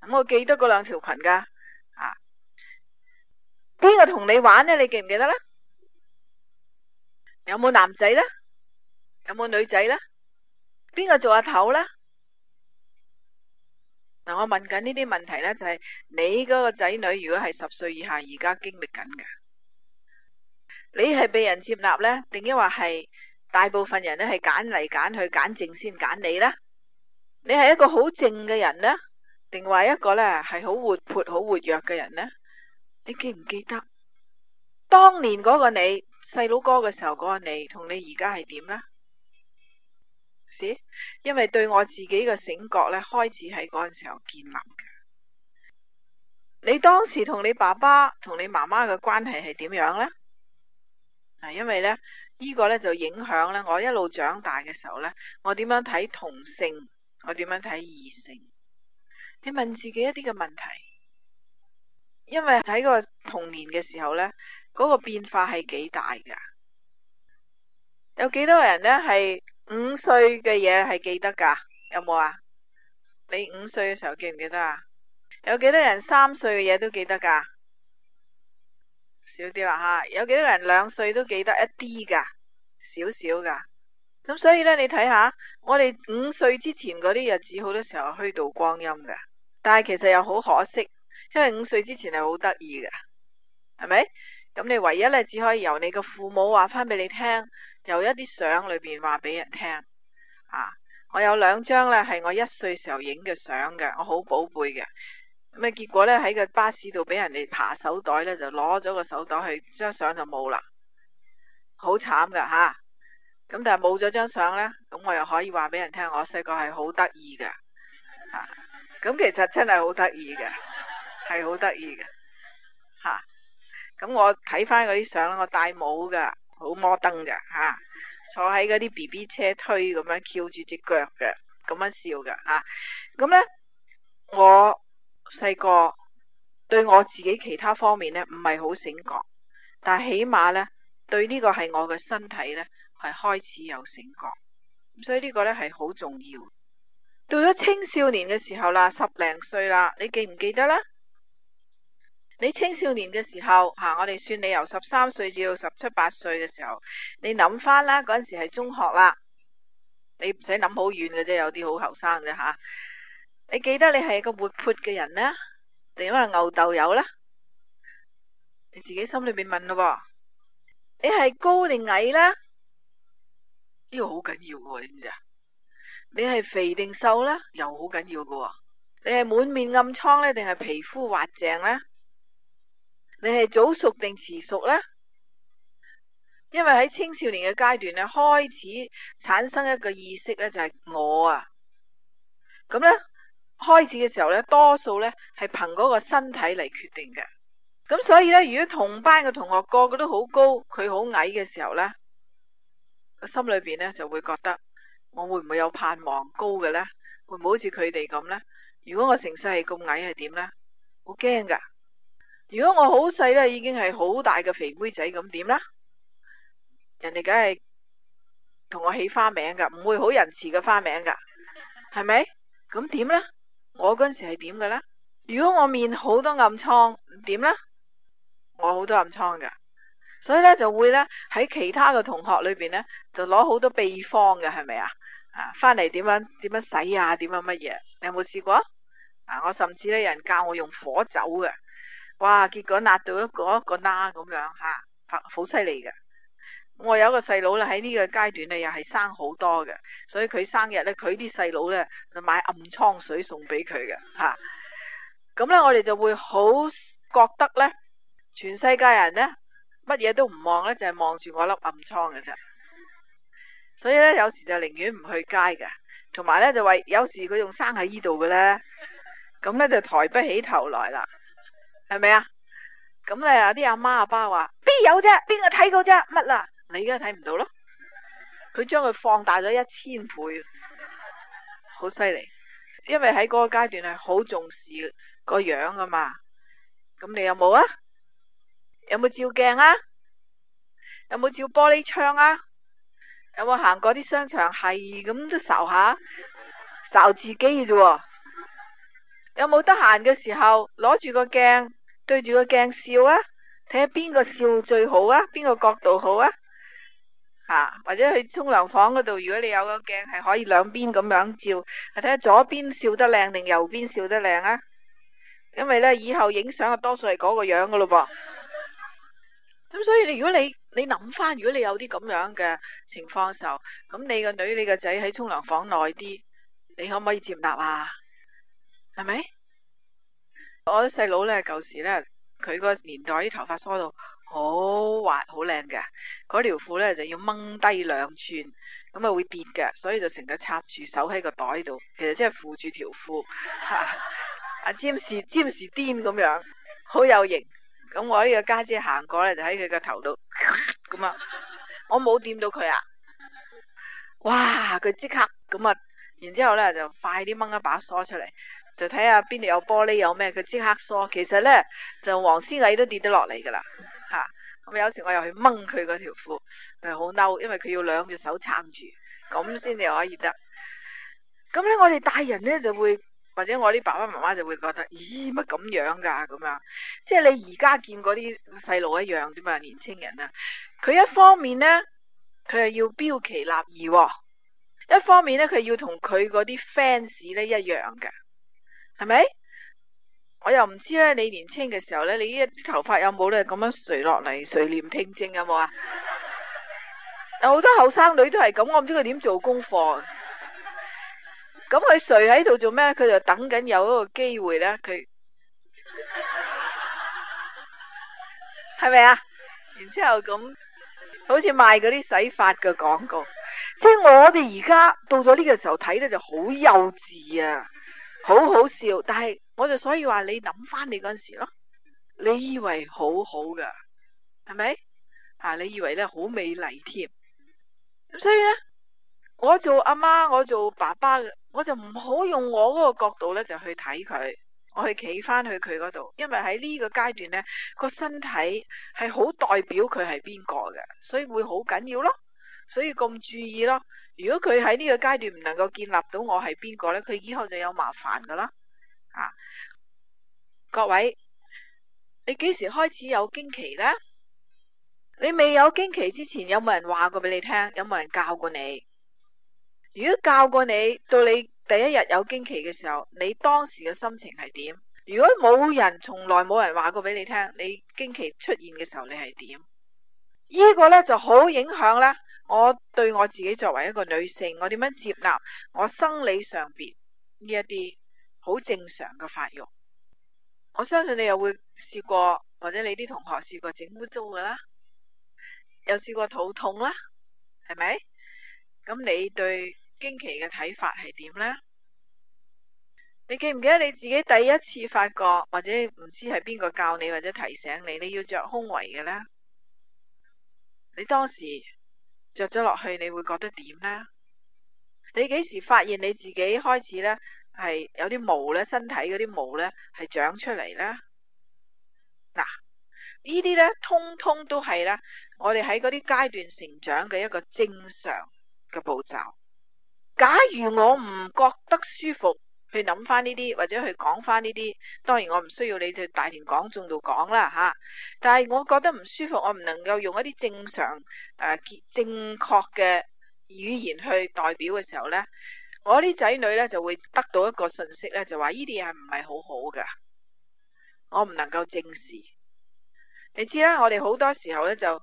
噉我記得嗰兩條裙噶。邊個同你玩咧？你記唔記得咧？有冇男仔咧？有冇女仔咧？邊個做阿頭咧？嗱，我問緊呢啲問題咧，就係、是、你嗰個仔女，如果係十歲以下，而家經歷緊嘅，你係被人接納呢？定抑或係大部分人咧係揀嚟揀去揀正先揀你呢？你係一個好靜嘅人呢？定話一個咧係好活潑、好活躍嘅人呢？你記唔記得當年嗰個你細佬哥嘅時候嗰個你，同你而家係點呢？是，因為對我自己嘅醒覺咧，開始喺嗰陣時候建立嘅。你當時同你爸爸、同你媽媽嘅關係係點樣呢？啊，因為咧呢、呢個咧就影響咧我一路長大嘅時候咧，我點樣睇同性，我點樣睇異性？你問自己一啲嘅問題。因為睇個童年嘅時候呢，嗰個變化係幾大噶，有幾多人呢？係五歲嘅嘢，係記得噶，有冇啊？你五歲嘅時候記唔記得啊？有幾多人三歲嘅嘢都記得噶？少啲啦吓，有幾多人兩歲都記得一啲噶？少少噶。咁所以呢，你睇下，我哋五歲之前嗰啲日子，好多時候虛度光陰噶，但係其實又好可惜。因為五歲之前係好得意嘅，係咪？咁你唯一咧，只可以由你個父母話翻俾你聽，由一啲相裏邊話俾人聽。啊，我有兩張咧，係我一歲時候影嘅相嘅，我好寶貝嘅。咁啊，結果咧喺個巴士度俾人哋扒手袋咧，就攞咗個手袋去，張相就冇啦，好慘噶吓。咁、啊、但係冇咗張相咧，咁我又可以話俾人聽，我細個係好得意嘅。啊，咁其實真係好得意嘅。係好得意嘅，吓咁、啊、我睇翻嗰啲相，我戴帽噶，好摩登噶吓、啊，坐喺嗰啲 BB 車推咁樣翹住隻腳嘅，咁樣笑噶吓，咁、啊、咧我細個對我自己其他方面呢，唔係好醒覺，但係起碼呢，對呢個係我嘅身體呢，係開始有醒覺，所以呢個呢，係好重要。到咗青少年嘅時候啦，十零歲啦，你記唔記得咧？你青少年嘅時候吓，我哋算你由十三歲至到十七八歲嘅時候，你諗翻啦，嗰陣時係中學啦，你唔使諗好遠嘅啫，有啲好後生嘅吓。你記得你係一個活潑嘅人咧，定話牛豆油啦？你自己心裏邊問咯，你係高定矮咧？呢個好緊要嘅，你知唔知啊？你係肥定瘦咧，又好緊要嘅。你係滿面暗瘡咧，定係皮膚滑淨咧？你係早熟定遲熟呢？因為喺青少年嘅階段咧，開始產生一個意識咧，就係我啊。咁咧，開始嘅時候咧，多數咧係憑嗰個身體嚟決定嘅。咁所以咧，如果同班嘅同學個個都好高，佢好矮嘅時候咧，個心裏面咧就會覺得，我會唔會有盼望高嘅咧？會唔會好似佢哋咁咧？如果我成世係咁矮係點咧？好驚噶！如果我好細咧，已經係好大嘅肥妹仔，咁點啦？人哋梗係同我起花名噶，唔會好仁慈嘅花名噶，係咪？咁點咧？我嗰陣時係點嘅咧？如果我面好多暗瘡，點咧？我好多暗瘡嘅，所以咧就會咧喺其他嘅同學裏邊咧，就攞好多秘方嘅，係咪啊？啊，翻嚟點樣點樣洗啊？點樣乜嘢？你有冇試過啊？我甚至咧有人教我用火酒嘅。哇！結果拉到一個一個拉咁樣吓，好犀利嘅。我有一個細佬啦，喺呢個階段咧又係生好多嘅，所以佢生日咧，佢啲細佬咧就買暗瘡水送俾佢嘅吓。咁、啊、咧我哋就會好覺得咧，全世界人咧乜嘢都唔望咧，就係望住我粒暗瘡嘅啫。所以咧有時就寧願唔去街噶，同埋咧就話有時佢仲生喺依度嘅咧，咁咧就抬不起頭來啦。係咪啊？咁你有啲阿媽阿爸話，邊有啫？邊個睇過啫？乜啦？你而家睇唔到咯？佢將佢放大咗一千倍，好犀利。因為喺嗰個階段係好重視個樣㗎嘛。咁你有冇啊？有冇照鏡啊？有冇照玻璃窗啊？有冇行過啲商場係咁都睄下？睄自己啫、啊？有冇得閒嘅時候攞住個鏡？對住個鏡笑啊，睇下邊個笑最好啊，邊個角度好啊，吓、啊、或者去沖涼房嗰度，如果你有個鏡係可以兩邊咁樣照，睇下左邊笑得靚定右邊笑得靚啊，因為咧以後影相啊多數係嗰個樣噶咯噃，咁所以你如果你你諗翻，如果你有啲咁樣嘅情況嘅時候，咁你個女你個仔喺沖涼房內啲，你可唔可以接納啊？係咪？我啲細佬咧，舊時咧，佢個年代啲頭髮梳到好滑，好靚嘅。嗰條褲咧就要掹低兩寸，咁啊會跌嘅，所以就成日插住手喺個袋度。其實即係扶住條褲，吓、啊、阿、啊、James，James 癲咁樣，好有型。咁我呢個家姐行過咧，就喺佢個頭度咁啊，我冇掂到佢啊。哇！佢即刻咁啊，然之後咧就快啲掹一把梳出嚟。就睇下邊度有玻璃有咩，佢即刻梳。其實呢，就黃絲蟻都跌得落嚟噶啦嚇。咁、啊、有時我又去掹佢嗰條褲，佢好嬲，因為佢要兩隻手撐住，咁先至可以得。咁呢，我哋大人呢就會或者我啲爸爸媽媽就會覺得咦，乜咁樣噶咁樣？即係你而家見嗰啲細路一樣啫嘛，年青人啊，佢一方面呢，佢係要標奇立異喎，一方面呢，佢要同佢嗰啲 fans 咧一樣嘅。係咪？我又唔知咧。你年輕嘅時候咧，你呢啲頭髮有冇咧咁樣垂落嚟垂簾聽政？有冇啊？啊，好多後生女都係咁，我唔知佢點做功課。咁佢垂喺度做咩？佢就等緊有一個機會咧。佢係咪啊？然之後咁，好似賣嗰啲洗髮嘅廣告。 [LAUGHS] 即係我哋而家到咗呢個時候睇咧，就好幼稚啊！好好笑，但係我就所以話你諗翻你嗰陣時咯，你以為好好嘅，係咪啊？你以為咧好美麗添，所以咧，我做阿媽，媽，我做爸爸，我就唔好用我嗰個角度咧就去睇佢，我去企翻去佢嗰度，因為喺呢個階段咧個身體係好代表佢係邊個嘅，所以會好緊要咯，所以咁注意咯。如果佢喺呢個階段唔能夠建立到我係邊個呢佢以後就有麻煩噶啦。啊，各位，你幾時開始有經期呢？你未有經期之前，有冇人話過俾你聽？有冇人教過你？如果教過你，到你第一日有經期嘅時候，你當時嘅心情係點？如果冇人，從來冇人話過俾你聽，你經期出現嘅時候你係點？呢、這個呢就好影響啦。我對我自己作為一個女性，我點樣接納我生理上邊呢一啲好正常嘅發育？我相信你又會試過，或者你啲同學試過整污糟噶啦，又試過肚痛啦，係咪？咁你對經期嘅睇法係點呢？你記唔記得你自己第一次發覺，或者唔知係邊個教你或者提醒你，你要着胸圍嘅咧？你當時？着咗落去你會覺得點咧？你幾時發現你自己開始咧係有啲毛咧，身體嗰啲毛咧係長出嚟咧？嗱，呢啲咧通通都係咧，我哋喺嗰啲階段成長嘅一個正常嘅步驟。假如我唔覺得舒服。去諗翻呢啲或者去講翻呢啲，當然我唔需要你去大庭廣眾度講啦吓，但係我覺得唔舒服，我唔能夠用一啲正常誒、呃、正確嘅語言去代表嘅時候呢，我啲仔女呢就會得到一個信息，呢就話呢啲係唔係好好噶我唔能夠正視。你知啦，我哋好多時候呢就。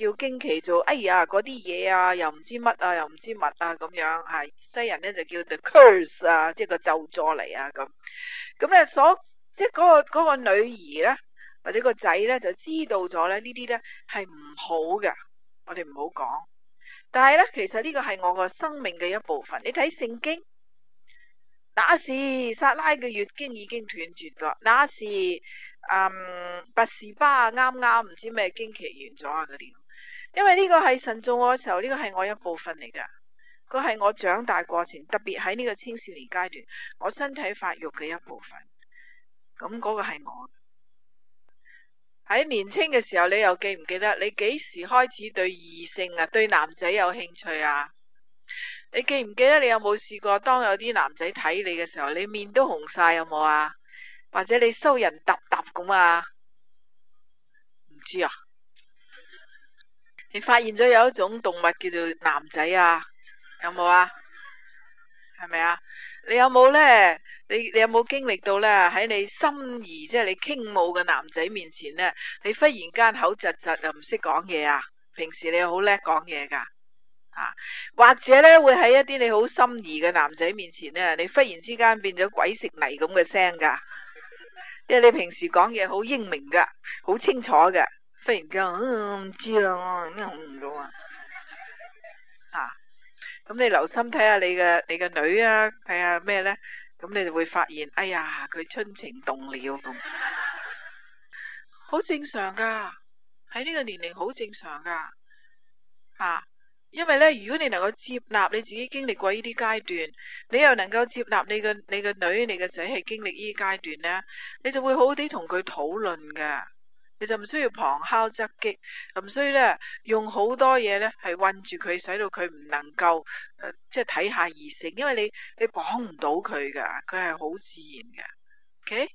叫經期做哎呀嗰啲嘢啊，又唔知乜啊，又唔知物啊，咁樣啊。西人咧就叫 the curse 啊，即係個咒詛嚟啊咁。咁咧所即係嗰、那個嗰、那個女兒咧，或者個仔咧，就知道咗咧呢啲咧係唔好嘅。我哋唔好講，但係咧其實呢個係我個生命嘅一部分。你睇聖經，那時撒拉嘅月經已經斷絕咗、嗯，那時嗯，拔示巴啱啱唔知咩經期完咗啊嗰啲。因為呢個係神造我嘅時候，呢個係我一部分嚟噶，佢係我長大過程，特別喺呢個青少年階段，我身體發育嘅一部分。咁嗰個係我喺年青嘅時候，你又記唔記得你幾時開始對異性啊，對男仔有興趣啊？你記唔記得你有冇試過當有啲男仔睇你嘅時候，你面都紅晒有冇啊？或者你羞人答答咁啊？唔知啊。你發現咗有一種動物叫做男仔啊？有冇啊？係咪啊？你有冇呢？你你有冇經歷到呢？喺你心儀即係你傾慕嘅男仔面前呢，你忽然間口窒窒又唔識講嘢啊？平時你好叻講嘢噶，啊，或者呢，會喺一啲你好心儀嘅男仔面前呢，你忽然之間變咗鬼食泥咁嘅聲噶，啊，因為你平時講嘢好英明噶，好清楚噶。忽然間，嗯， [NOISE] 唔知啦，我真係控唔到啊！咁你留心睇下你嘅你嘅女啊，睇下咩呢？咁你就會發現，哎呀，佢春情動了，咁好正常噶，喺呢個年齡好正常噶，吓、啊，因為呢，如果你能夠接納你自己經歷過呢啲階段，你又能夠接納你嘅你嘅女、你嘅仔係經歷呢階段呢，你就會好啲同佢討論噶。你就唔需要旁敲側擊，咁所以咧用好多嘢咧，係困住佢，使到佢唔能夠，誒、呃，即係睇下異性，因為你你綁唔到佢噶，佢係好自然嘅。OK，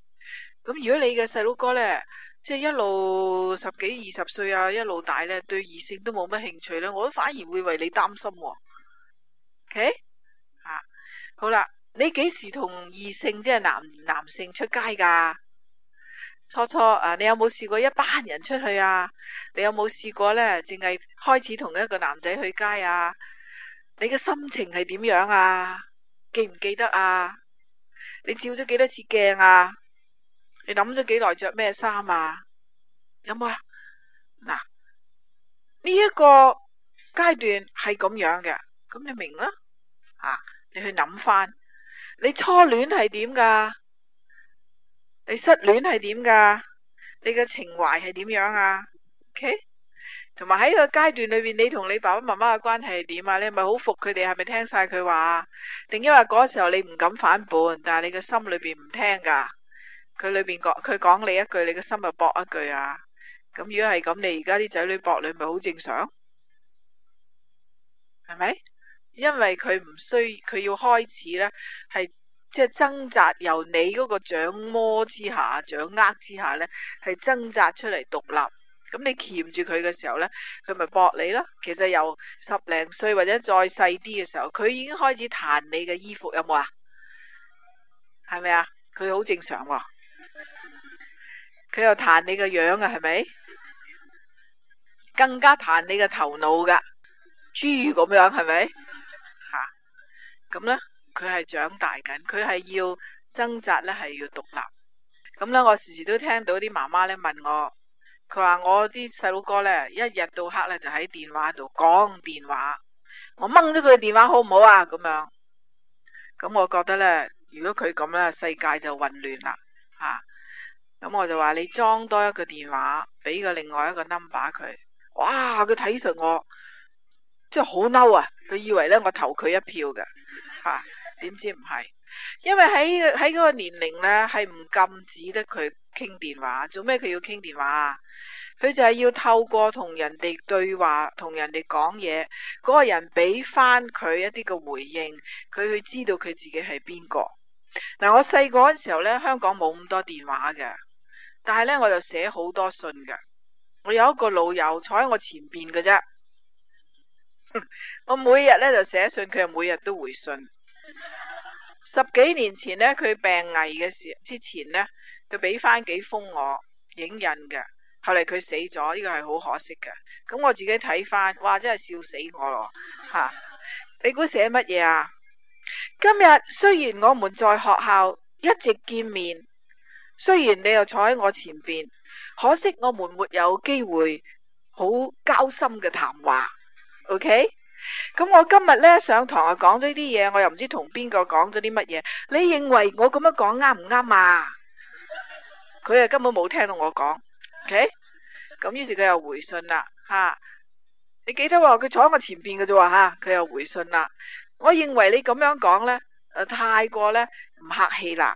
咁如果你嘅細佬哥咧，即係一路十幾二十歲啊，一路大咧，對異性都冇乜興趣咧，我反而會為你擔心、啊。OK，啊，好啦，你幾時同異性即係男男性出街噶？初初啊，你有冇試過一班人出去啊？你有冇試過呢？淨係開始同一個男仔去街啊？你嘅心情係點樣啊？記唔記得啊？你照咗幾多次鏡啊？你諗咗幾耐着咩衫啊？有冇啊？嗱，呢一個階段係咁樣嘅，咁你明啦？啊，你去諗翻，你初戀係點噶？你失戀係點噶？你嘅情懷係點樣啊？OK，同埋喺個階段裏邊，你同你爸爸媽媽嘅關係係點啊？你係咪好服佢哋？係咪聽晒佢話？定因為嗰個時候你唔敢反叛，但係你嘅心裏面裏邊唔聽噶？佢裏邊講，佢講你一句，你嘅心就駁一句啊？咁如果係咁，你而家啲仔女駁你，咪好正常？係咪？因為佢唔需要，佢要開始咧係。即係掙扎，由你嗰個掌握之下，掌握之下呢，係掙扎出嚟獨立。咁你鉗住佢嘅時候呢，佢咪搏你咯。其實由十零歲或者再細啲嘅時候，佢已經開始彈你嘅衣服，有冇啊？係咪啊？佢好正常，佢又彈你個樣啊？係咪？更加彈你個頭腦噶，豬咁樣係咪？吓？咁呢？佢係長大緊，佢係要掙扎呢，係要獨立。咁呢，我時時都聽到啲媽媽呢問我，佢話我啲細佬哥呢，一日到黑呢就喺電話度講電話，我掹咗佢電話好唔好啊？咁樣，咁我覺得呢，如果佢咁咧，世界就混亂啦，吓、啊。咁我就話你裝多一個電話，俾個另外一個 number 佢。哇，佢睇實我，真係好嬲啊！佢以為呢，我投佢一票嘅，吓。點知唔係？因為喺喺嗰個年齡呢，係唔禁止得佢傾電話。做咩佢要傾電話啊？佢就係要透過同人哋對話，同人哋講嘢，嗰個人俾翻佢一啲嘅回應，佢去知道佢自己係邊個。嗱、嗯，我細個嘅時候呢，香港冇咁多電話嘅，但係呢，我就寫好多信嘅。我有一個老友坐喺我前邊嘅啫，我每日呢，就寫信，佢又每日都回信。十幾年前呢，佢病危嘅時，之前呢，佢俾翻幾封我影印嘅。後嚟佢死咗，呢個係好可惜嘅。咁我自己睇翻，哇，真係笑死我咯吓、啊！你估寫乜嘢啊？今日雖然我們在學校一直見面，雖然你又坐喺我前邊，可惜我們沒有機會好交心嘅談話。OK。咁我今日咧上堂啊講咗啲嘢，我又唔知同邊個講咗啲乜嘢。你認為我咁樣講啱唔啱啊？佢啊根本冇聽到我講，OK？咁於是佢又回信啦。吓，你記得喎，佢坐喺我前邊嘅啫，吓，佢又回信啦。我認為你咁樣講咧，誒、呃、太過咧唔客氣啦。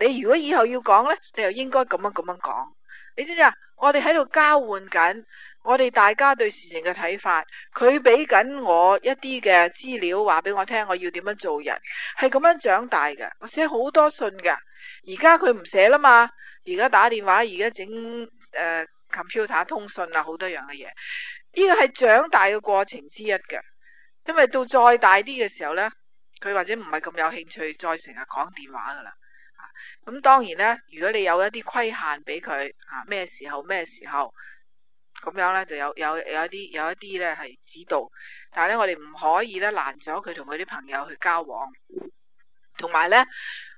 你如果以後要講咧，你又應該咁樣咁樣講。你知唔知啊？我哋喺度交換緊。我哋大家對事情嘅睇法，佢俾緊我一啲嘅資料，話俾我聽，我要點樣做人，係咁樣長大嘅。我寫好多信嘅，而家佢唔寫啦嘛。而家打電話，而家整誒 computer 通訊啊，好多樣嘅嘢。呢個係長大嘅過程之一嘅，因為到再大啲嘅時候呢，佢或者唔係咁有興趣，再成日講電話噶啦。咁、啊、當然呢，如果你有一啲規限俾佢，啊咩時候咩時候。咁樣咧就有有有一啲有一啲咧係指導，但係咧我哋唔可以咧攔阻佢同佢啲朋友去交往，同埋咧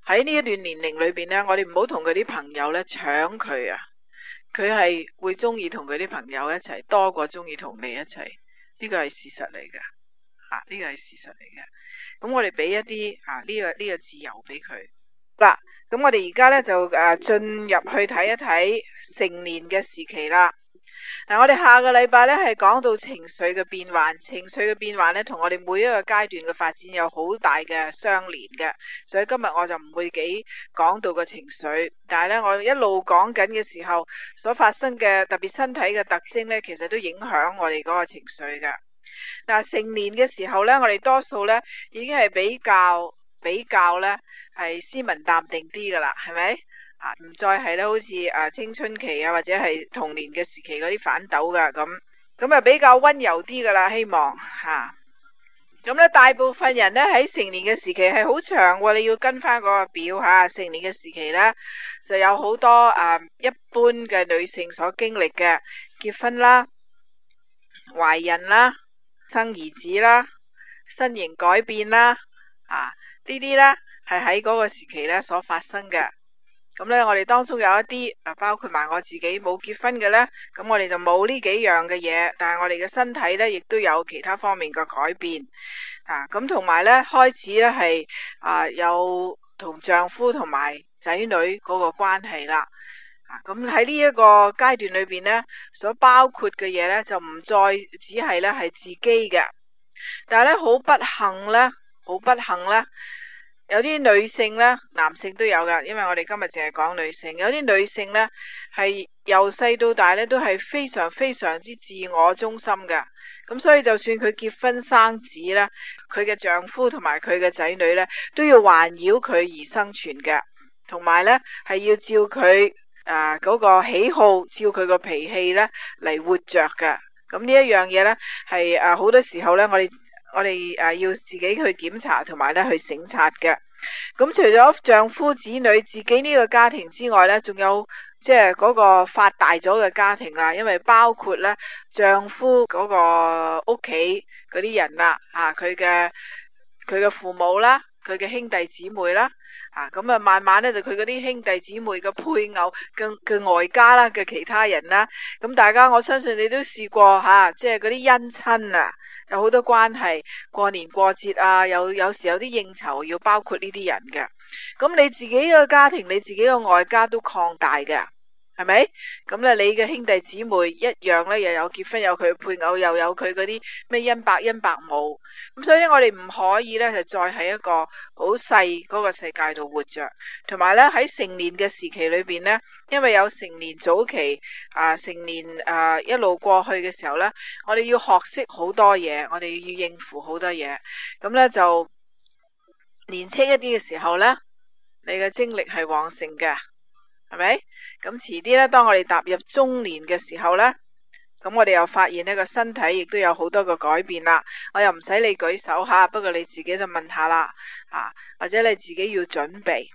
喺呢一段年齡裏邊咧，我哋唔好同佢啲朋友咧搶佢啊。佢係會中意同佢啲朋友一齊多過中意同你一齊，呢個係事實嚟㗎。嚇、啊，呢個係事實嚟㗎。咁我哋俾一啲嚇呢個呢、呢個自由俾佢嗱，咁我哋而家咧就誒進入去睇一睇成年嘅時期啦。嗱、啊，我哋下個禮拜咧係講到情緒嘅變幻，情緒嘅變幻咧同我哋每一個階段嘅發展有好大嘅相連嘅，所以今日我就唔會幾講到個情緒，但係咧我一路講緊嘅時候，所發生嘅特別身體嘅特徵咧，其實都影響我哋嗰個情緒噶。嗱、啊，成年嘅時候咧，我哋多數咧已經係比較比較咧係斯文淡定啲噶啦，係咪？啊，唔再係咧，好似啊青春期啊，或者係童年嘅時期嗰啲反斗噶咁，咁啊比較溫柔啲噶啦。希望吓咁咧，啊、大部分人咧喺成年嘅時期係好長，你要跟翻嗰個表吓、啊。成年嘅時期咧就有好多啊，一般嘅女性所經歷嘅結婚啦、懷孕啦、生兒子啦、身形改變啦啊，呢啲咧係喺嗰個時期咧所發生嘅。咁咧，我哋當中有一啲，啊，包括埋我自己冇結婚嘅呢，咁我哋就冇呢幾樣嘅嘢，但係我哋嘅身體呢，亦都有其他方面嘅改變，啊，咁同埋呢，開始呢係啊，有同丈夫同埋仔女嗰個關係啦，啊，咁喺呢一個階段裏邊呢，所包括嘅嘢呢，就唔再只係呢係自己嘅，但係呢，好不幸呢，好不幸呢。有啲女性呢，男性都有噶，因為我哋今日淨係講女性。有啲女性呢，係由細到大呢，都係非常非常之自我中心噶，咁所以就算佢結婚生子咧，佢嘅丈夫同埋佢嘅仔女呢，都要環繞佢而生存嘅，同埋呢，係要照佢嗰個喜好，照佢個脾氣呢嚟活着嘅。咁呢一樣嘢呢，係啊好多時候呢，我哋。我哋誒、啊、要自己去檢查同埋咧去省察嘅。咁、嗯、除咗丈夫、子女、自己呢個家庭之外呢，仲有即係嗰個發大咗嘅家庭啦。因為包括呢丈夫嗰個屋企嗰啲人啦、啊，吓佢嘅佢嘅父母啦，佢嘅兄弟姊妹啦，啊咁啊、嗯，慢慢呢，就佢嗰啲兄弟姊妹嘅配偶、佢嘅外家啦、嘅其他人啦。咁、嗯、大家我相信你都試過吓、啊，即係嗰啲姻親啊。有好多關係，過年過節啊，有有時有啲應酬要包括呢啲人㗎，咁你自己個家庭，你自己個外家都擴大㗎。係咪？咁咧，你嘅兄弟姊妹一樣咧，又有結婚，有佢配偶，又有佢嗰啲咩恩伯恩伯母。咁所以咧，我哋唔可以咧，就再喺一個好細嗰個世界度活着。同埋咧，喺成年嘅時期裏邊咧，因為有成年早期啊、呃，成年啊、呃、一路過去嘅時候咧，我哋要學識好多嘢，我哋要應付好多嘢。咁咧就年青一啲嘅時候咧，你嘅精力係旺盛嘅，係咪？咁遲啲呢，當我哋踏入中年嘅時候呢，咁我哋又發現呢個身體亦都有好多個改變啦。我又唔使你舉手吓，不過你自己就問下啦，啊，或者你自己要準備。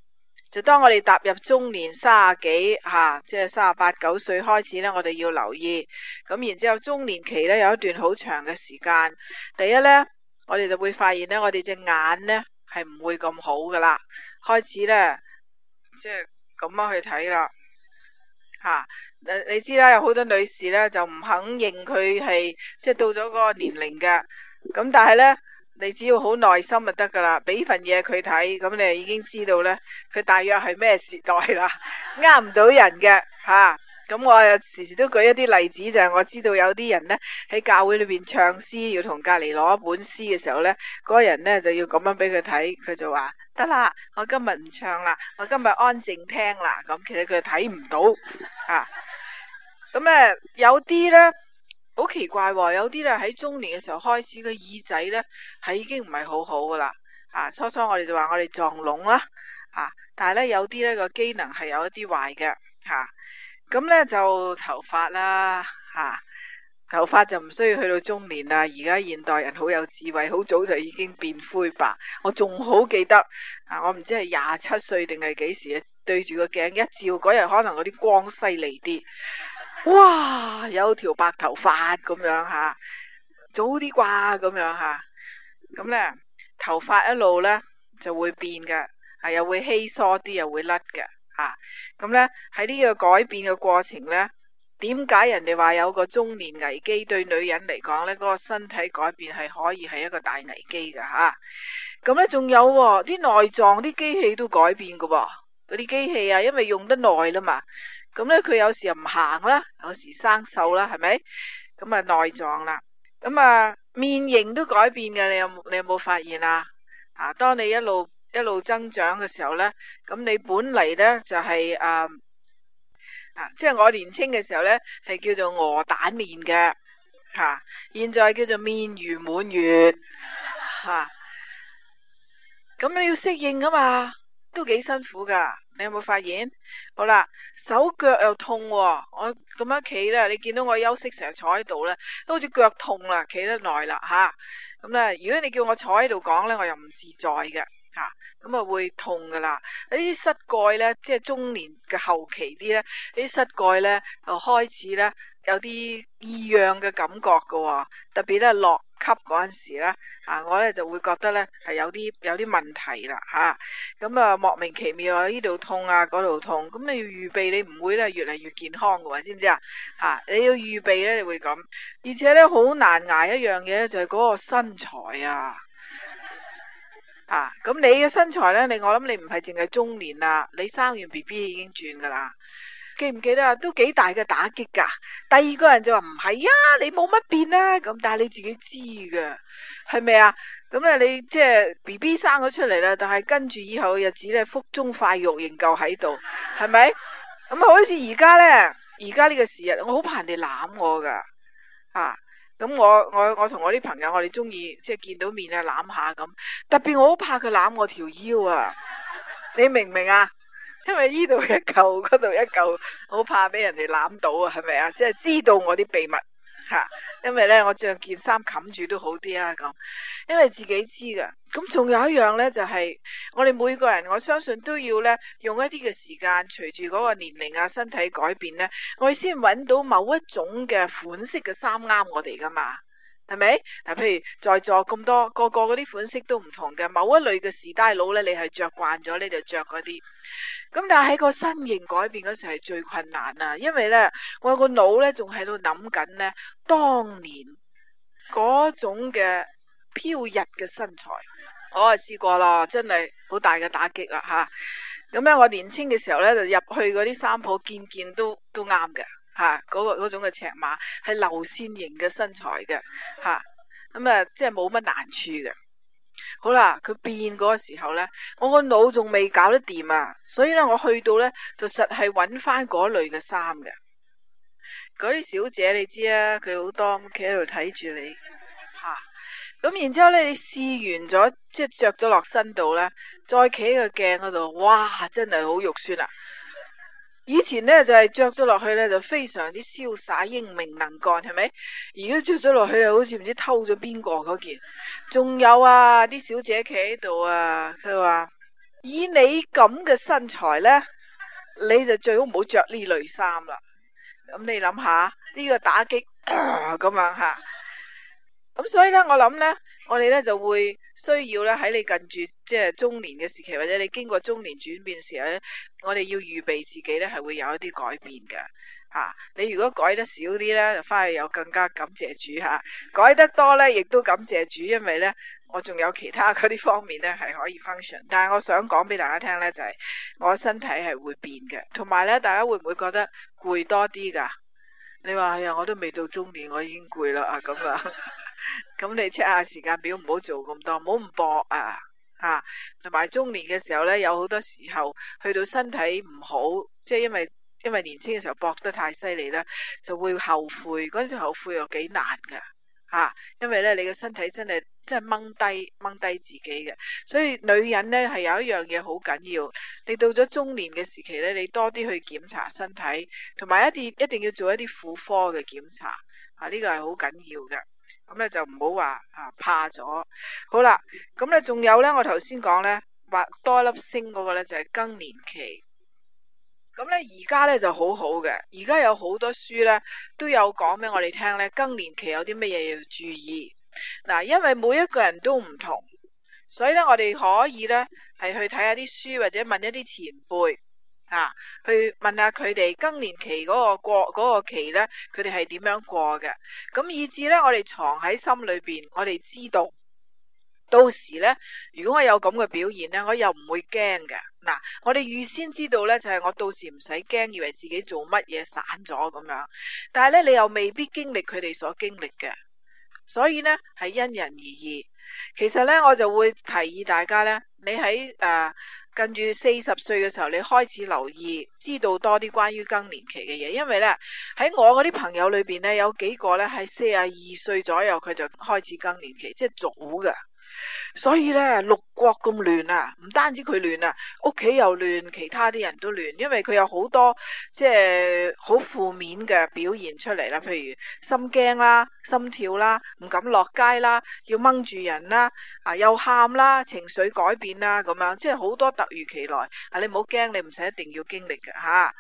就當我哋踏入中年卅幾吓，即係卅八九歲開始呢，我哋要留意。咁然之後，中年期呢，有一段好長嘅時間。第一呢，我哋就會發現呢，我哋隻眼呢係唔會咁好噶啦，開始呢，即係咁樣去睇啦。吓、啊，你你知啦，有好多女士咧就唔肯認佢係，即係到咗嗰個年齡嘅，咁但係咧，你只要好耐心就得噶啦，俾份嘢佢睇，咁、嗯、你就已經知道咧，佢大約係咩時代啦，呃唔 [LAUGHS] 到人嘅，吓、啊。咁我啊，時時都舉一啲例子，就係我知道有啲人呢，喺教會裏邊唱詩，要同隔籬攞一本詩嘅時候呢，嗰人呢就要咁樣俾佢睇，佢就話得啦，我今日唔唱啦，我今日安靜聽啦。咁其實佢睇唔到啊。咁呢有啲呢，好奇怪，哦，有啲呢喺中年嘅時候開始個耳仔呢係已經唔係好好噶啦啊。初初我哋就話我哋撞聾啦啊，但係呢，有啲呢個機能係有一啲壞嘅吓。啊咁呢就頭髮啦，吓、啊、頭髮就唔需要去到中年啦。而家現代人好有智慧，好早就已經變灰白。我仲好記得，我唔知係廿七歲定係幾時啊？時對住個鏡一照，嗰日可能嗰啲光犀利啲，哇！有條白頭髮咁樣吓、啊，早啲啩咁樣吓。咁、啊啊、呢頭髮一路呢就會變噶，啊又會稀疏啲，又會甩噶。啊，咁呢，喺呢個改變嘅過程呢，點解人哋話有個中年危機對女人嚟講呢嗰、嗰個身體改變係可以係一個大危機噶吓。咁、啊、呢，仲、啊、有啲、哦、內臟啲機器都改變噶、哦，嗰啲機器啊，因為用得耐啦嘛。咁、啊、呢，佢有時又唔行啦，有時生銹啦，係咪？咁啊內臟啦，咁啊面型都改變嘅。你有你有冇發現啊？啊，當你一路。一路增長嘅時、就是嗯啊、時候呢，咁你本嚟呢就係啊，即係我年輕嘅時候呢係叫做鵝蛋面嘅吓，現在叫做面如滿月吓，咁、啊、你要適應㗎嘛，都幾辛苦噶。你有冇發現？好啦，手腳又痛，啊，我咁樣企啦，你見到我休息成日坐喺度呢，都好似腳痛啦，企得耐啦吓。咁、啊、咧、啊，如果你叫我坐喺度講呢，我又唔自在嘅。咁啊會痛噶啦，呢啲膝蓋咧，即係中年嘅後期啲咧，呢啲膝蓋咧就開始咧有啲異樣嘅感覺噶，特別咧落級嗰陣時咧，啊我咧就會覺得咧係有啲有啲問題啦，吓、啊，咁啊莫名其妙喺呢度痛啊嗰度痛，咁你預備你唔會咧越嚟越健康噶喎，知唔知啊？吓你要預備咧，你會咁，而且咧好難挨一樣嘢，就係嗰個身材啊。啊，咁你嘅身材呢？我你我諗你唔係淨係中年啦，你生完 B B 已經轉噶啦，記唔記得啊？都幾大嘅打擊噶。第二個人就話唔係啊，你冇乜變啦，啊，咁但係你自己知噶，係咪啊？咁、嗯、咧你即係 B B 生咗出嚟啦，但係跟住以後嘅日子咧，腹中塊肉仍舊喺度，係咪？咁、嗯、好似而家呢，而家呢個時日，我好怕人哋攬我噶，啊。咁我我我同我啲朋友，我哋中意即係見到面啊攬下咁，特別我好怕佢攬我條腰啊！你明唔明啊？因為依度一嚿，嗰度一嚿，好怕俾人哋攬到啊！係咪啊？即係知道我啲秘密吓。因為咧，我着件衫冚住都好啲啊，咁因為自己知噶。咁仲有一樣咧、就是，就係我哋每個人，我相信都要咧用一啲嘅時間，隨住嗰個年齡啊、身體改變咧，我哋先揾到某一種嘅款式嘅衫啱我哋噶嘛。係咪？嗱，譬如在座咁多個個嗰啲款式都唔同嘅，某一類嘅時代佬咧，你係着慣咗，你就着嗰啲。咁但係喺個身形改變嗰時係最困難啦，因為呢，我個腦呢仲喺度諗緊呢當年嗰種嘅飄逸嘅身材，我啊試過啦，真係好大嘅打擊啦吓。咁咧我年青嘅時候呢，就入去嗰啲衫鋪，件件都都啱嘅。吓，嗰、啊，那個嗰種嘅尺碼係流線型嘅身材嘅，吓咁啊，即係冇乜難處嘅。好啦，佢變嗰個時候呢，我個腦仲未搞得掂啊，所以呢，我去到呢，就實係揾翻嗰類嘅衫嘅。嗰啲小姐你知啊，佢好多咁企喺度睇住你，吓、啊、咁然之後咧，你試完咗，即係着咗落身度呢，再企喺個鏡嗰度，哇，真係好肉酸啊！以前呢，就係着咗落去呢，就非常之瀟灑、英明能幹，係咪？而家着咗落去呢，好似唔知偷咗邊個嗰件。仲有啊，啲小姐企喺度啊，佢話以你咁嘅身材呢，你就最好唔好着呢類衫啦。咁你諗下呢個打擊咁 [COUGHS] 樣吓。咁、啊、所以呢，我諗呢，我哋呢就會。需要咧喺你近住即係中年嘅時期，或者你經過中年轉變時候咧，我哋要預備自己咧係會有一啲改變嘅吓、啊。你如果改得少啲咧，就翻去有更加感謝主吓；改得多咧，亦都感謝主，因為咧我仲有其他嗰啲方面咧係可以 function。但係我想講俾大家聽、就、咧、是，就係我身體係會變嘅，同埋咧大家會唔會覺得攰多啲噶？你話哎呀，我都未到中年，我已經攰啦啊咁啊！ [LAUGHS] 咁你 check 下時間表，唔好做咁多，唔好咁搏啊！嚇、啊，同埋中年嘅時候呢，有好多時候去到身體唔好，即係因為因為年輕嘅時候搏得太犀利啦，就會後悔。嗰陣時候後悔又幾難噶嚇、啊，因為呢，你嘅身體真係真係掹低掹低自己嘅。所以女人呢，係有一樣嘢好緊要，你到咗中年嘅時期呢，你多啲去檢查身體，同埋一啲一定要做一啲婦科嘅檢查嚇，呢、啊這個係好緊要嘅。咁咧、嗯、就唔好話啊怕咗，好啦，咁咧仲有咧，我頭先講咧畫多粒星嗰個咧就係、是、更年期，咁咧而家咧就好好嘅，而家有好多書咧都有講俾我哋聽咧更年期有啲乜嘢要注意，嗱，因為每一個人都唔同，所以咧我哋可以咧係去睇下啲書或者問一啲前輩。啊！去問下佢哋更年期嗰個過、嗰個期呢，佢哋係點樣過嘅？咁以至呢，我哋藏喺心裏邊，我哋知道到時呢，如果我有咁嘅表現呢，我又唔會驚嘅。嗱，我哋預先知道呢，就係、是、我到時唔使驚，以為自己做乜嘢散咗咁樣。但係呢，你又未必經歷佢哋所經歷嘅，所以呢，係因人而異。其實呢，我就會提議大家呢，你喺誒。呃跟住四十歲嘅時候，你開始留意，知道多啲關於更年期嘅嘢，因為咧喺我嗰啲朋友裏邊咧，有幾個咧係四十二歲左右，佢就開始更年期，即係早噶。所以咧六國咁亂啊，唔單止佢亂啊，屋企又亂，其他啲人都亂，因為佢有好多即係好負面嘅表現出嚟啦，譬如心驚啦、啊、心跳啦、啊、唔敢落街啦、啊、要掹住人啦、啊，啊又喊啦、啊、情緒改變啦、啊、咁樣，即係好多突如其來。啊，你唔好驚，你唔使一定要經歷嘅吓。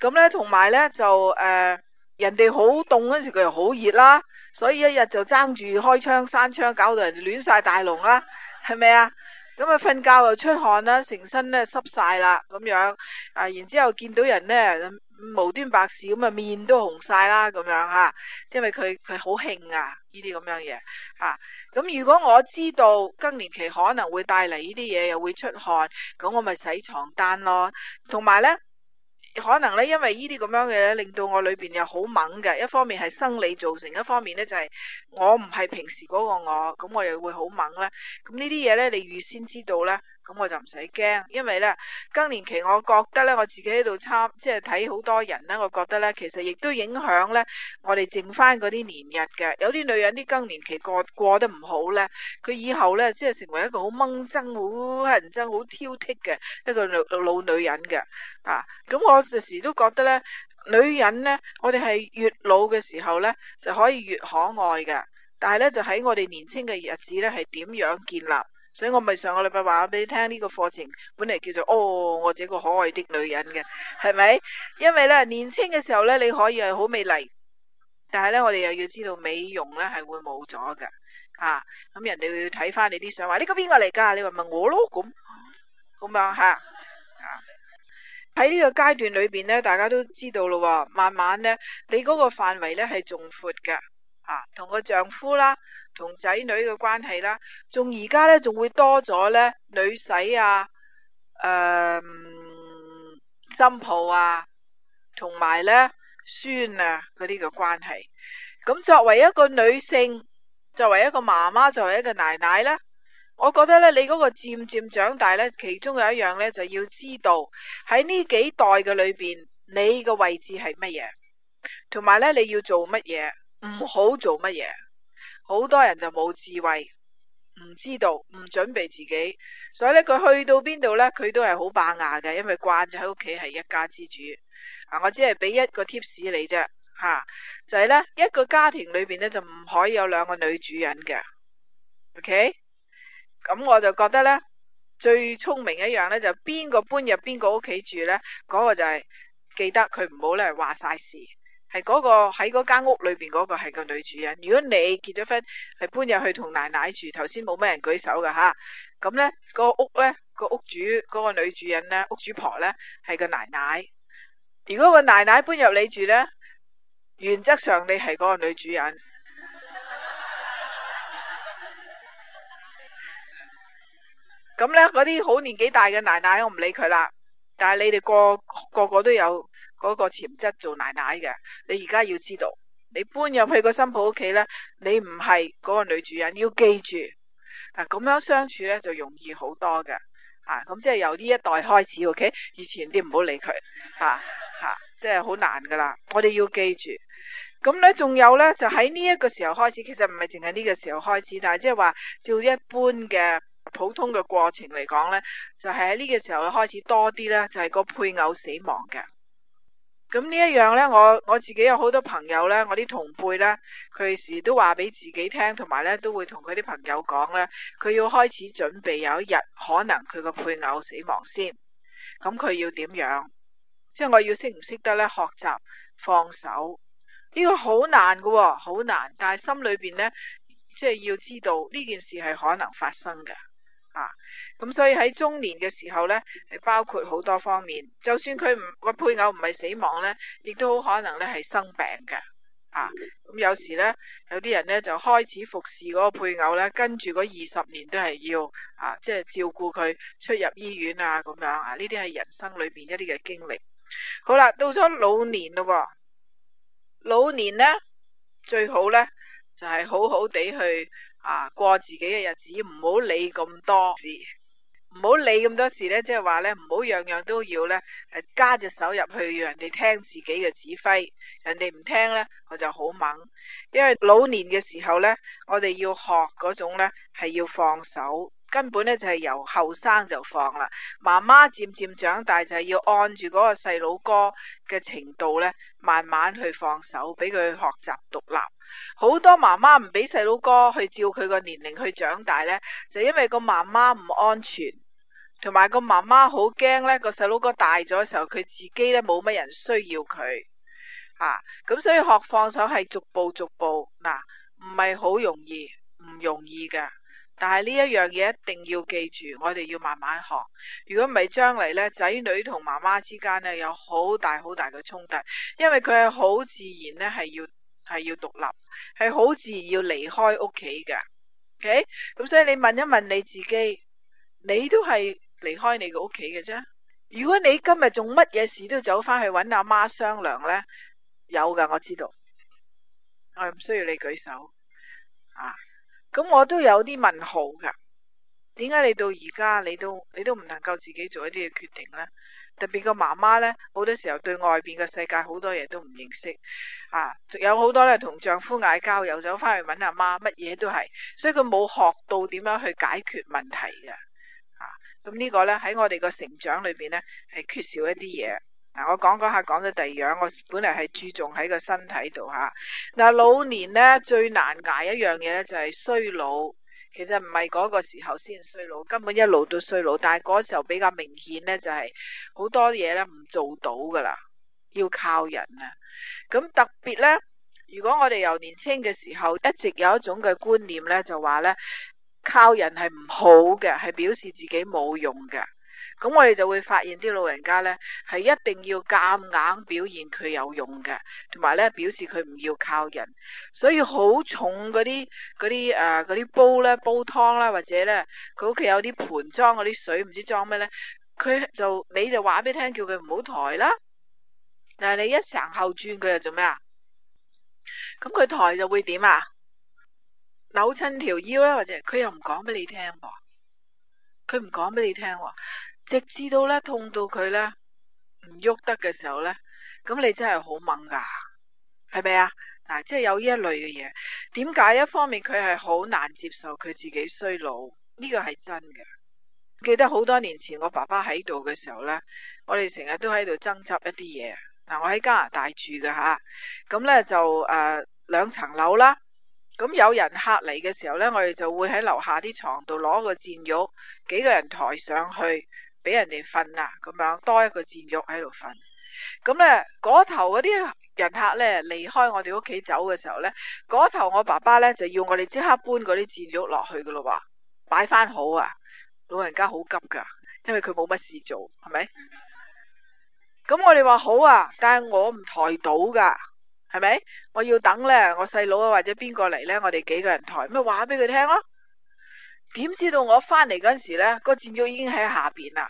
咁、啊、咧，同埋咧就誒、呃，人哋好凍嗰時，佢又好熱啦。所以一日就爭住開窗閂窗，搞到人亂晒大龍啦，係咪啊？咁啊瞓覺又出汗啦，成身咧濕晒啦咁樣，啊，然之後見到人咧無端白事咁啊面都紅晒啦咁樣吓，因為佢佢好興啊呢啲咁樣嘢，吓、啊、咁如果我知道更年期可能會帶嚟呢啲嘢，又會出汗，咁我咪洗床單咯，同埋咧。可能咧，因為呢啲咁樣嘅令到我裏邊又好猛嘅。一方面係生理造成，一方面咧就係我唔係平時嗰個我，咁我又會好猛啦。咁呢啲嘢咧，你預先知道咧。咁我就唔使驚，因為咧更年期我我，我覺得咧我自己喺度參，即係睇好多人咧，我覺得咧其實亦都影響咧我哋剩翻嗰啲年日嘅。有啲女人啲更年期過過得唔好咧，佢以後咧即係成為一個好掹憎、好乞人憎、好挑剔嘅一個老老女人嘅。啊，咁我有時都覺得咧，女人咧，我哋係越老嘅時候咧就可以越可愛嘅，但係咧就喺我哋年輕嘅日子咧係點樣建立？所以我咪上個禮拜話俾你聽呢個課程，本嚟叫做哦，我這個可愛的女人嘅，係咪？因為咧年輕嘅時候咧，你可以係好美麗，但係咧我哋又要知道美容咧係會冇咗噶，啊，咁人哋會要睇翻你啲相話，呢個邊個嚟噶？你話咪我咯咁，咁樣吓，啊，喺呢個階段裏邊咧，大家都知道咯，慢慢咧你嗰個範圍咧係仲闊噶，啊，同個丈夫啦。同仔女嘅關係啦，仲而家呢，仲會多咗呢女婿啊、誒、呃、新抱啊，同埋呢孫啊嗰啲嘅關係。咁、嗯、作為一個女性，作為一個媽媽，作為一個奶奶呢，我覺得呢，你嗰個漸漸長大呢，其中有一樣呢，就要知道喺呢幾代嘅裏邊，你嘅位置係乜嘢，同埋呢，你要做乜嘢，唔好做乜嘢。嗯好多人就冇智慧，唔知道，唔準備自己，所以咧，佢去到邊度咧，佢都係好霸牙嘅，因為慣咗喺屋企係一家之主。啊，我只係俾一個 tips 你啫，吓、啊，就係、是、咧一個家庭裏邊咧就唔可以有兩個女主人嘅。OK，咁我就覺得咧最聰明一樣咧就邊個搬入邊個屋企住咧，嗰、那個就係、是、記得佢唔好咧話晒事。係嗰個喺嗰間屋裏邊嗰個係個女主人。如果你結咗婚，係搬入去同奶奶住，頭先冇咩人舉手噶吓。咁呢個屋呢，個屋主嗰個女主人呢，屋主婆呢，係個奶奶。如果個奶奶搬入你住呢，原則上你係嗰個女主人。咁 [LAUGHS] 呢嗰啲好年紀大嘅奶奶，我唔理佢啦。但係你哋個個個都有。嗰個潛質做奶奶嘅，你而家要知道，你搬入去個新抱屋企呢，你唔係嗰個女主人，你要記住咁、啊、樣相處呢就容易好多嘅啊。咁、嗯、即係由呢一代開始，OK，、啊、以前啲唔好理佢吓吓，即係好難㗎喇。我哋要記住，咁呢仲有呢，就喺呢一個時候開始，其實唔係淨係呢個時候開始，但係即係話照一般嘅普通嘅過程嚟講呢，就係喺呢個時候開始多啲呢，就係、是、個配偶死亡嘅。咁呢一樣呢，我我自己有好多朋友呢，我啲同輩呢，佢時都話俾自己聽，同埋呢都會同佢啲朋友講呢，佢要開始準備有一日可能佢個配偶死亡先。咁佢要點樣？即係我要識唔識得呢？學習放手。呢個好難㗎，好難。但係心裏邊呢，即係要知道呢件事係可能發生嘅。咁所以喺中年嘅時候呢，係包括好多方面。就算佢唔個配偶唔係死亡呢，亦都好可能呢係生病嘅啊。咁有時呢，有啲人呢，就開始服侍嗰個配偶呢，跟住嗰二十年都係要啊，即係照顧佢出入醫院啊咁樣啊。呢啲係人生裏邊一啲嘅經歷。好啦，到咗老年咯。哦，老年呢，最好呢，就係、係、好好地去啊過自己嘅日子，唔好理咁多事。唔好理咁多事呢，即係話呢，唔好樣樣都要呢，誒加隻手入去，讓人哋聽自己嘅指揮，人哋唔聽呢，我就好猛。因為老年嘅時候呢，我哋要學嗰種呢，係要放手，根本呢，就係由後生就放啦。媽媽漸漸長大就係要按住嗰個細佬哥嘅程度呢，慢慢去放手，俾佢學習獨立。好多媽媽唔俾細佬哥去照佢個年齡去長大呢，就因為個媽媽唔安全。同埋個媽媽好驚呢，個細佬哥大咗嘅時候，佢自己呢，冇乜人需要佢嚇，咁、啊、所以學放手係逐步逐步嗱，唔係好容易，唔容易嘅。但係呢一樣嘢一定要記住，我哋要慢慢學。如果唔係，將嚟呢，仔女同媽媽之間呢，有好大好大嘅衝突，因為佢係好自然呢係要係要獨立，係好自然要離開屋企嘅。OK，咁所以你問一問你自己，你都係。離開你嘅屋企嘅啫。如果你今日仲乜嘢事都走翻去揾阿媽商量呢？有噶，我知道。我唔需要你舉手啊。咁我都有啲問號噶。點解你到而家你都你都唔能夠自己做一啲嘅決定呢？特別個媽媽呢，好多時候對外邊嘅世界好多嘢都唔認識啊。仲有好多咧同丈夫嗌交，又走翻去揾阿媽，乜嘢都係，所以佢冇學到點樣去解決問題嘅。咁呢個呢，喺我哋個成長裏邊呢，係缺少一啲嘢。嗱、啊，我講講下講到第二樣，我本嚟係注重喺個身體度吓。嗱、啊，老年呢，最難捱一樣嘢呢，就係、是、衰老。其實唔係嗰個時候先衰老，根本一路都衰老。但係嗰時候比較明顯呢，就係、是、好多嘢呢唔做到㗎喇，要靠人啊。咁特別呢，如果我哋由年青嘅時候一直有一種嘅觀念呢，就話呢。靠人係唔好嘅，係表示自己冇用嘅。咁我哋就會發現啲老人家呢，係一定要夾硬硬表現佢有用嘅，同埋呢表示佢唔要靠人。所以好重嗰啲啲誒啲煲咧，煲湯啦或者呢，佢屋企有啲盆裝嗰啲水，唔知裝咩呢，佢就你就話俾聽，叫佢唔好抬啦。但係你一成後轉，佢又做咩啊？咁佢抬就會點啊？扭親條腰啦，或者佢又唔講俾你聽，佢唔講俾你聽，直至到咧痛到佢咧唔喐得嘅時候咧，咁你真係好猛噶，係咪啊？嗱，即係有呢一類嘅嘢，點解一方面佢係好難接受佢自己衰老，呢個係真嘅。記得好多年前我爸爸喺度嘅時候咧，我哋成日都喺度爭執一啲嘢。嗱、啊，我喺加拿大住㗎吓，咁、啊、咧就誒兩層樓啦。啊咁有人客嚟嘅時候呢，我哋就會喺樓下啲床度攞個氈褥，幾個人抬上去俾人哋瞓啊，咁樣多一個氈褥喺度瞓。咁呢，嗰頭嗰啲人客呢，離開我哋屋企走嘅時候呢，嗰頭我爸爸呢，就要我哋即刻搬嗰啲氈褥落去噶咯，話擺翻好啊！老人家好急噶，因為佢冇乜事做，係咪？咁我哋話好啊，但係我唔抬到噶。係咪？我要等咧，我細佬啊或者邊個嚟咧？我哋幾個人抬咪話俾佢聽咯？點知道我翻嚟嗰陣時咧，個床褥已經喺下邊啦？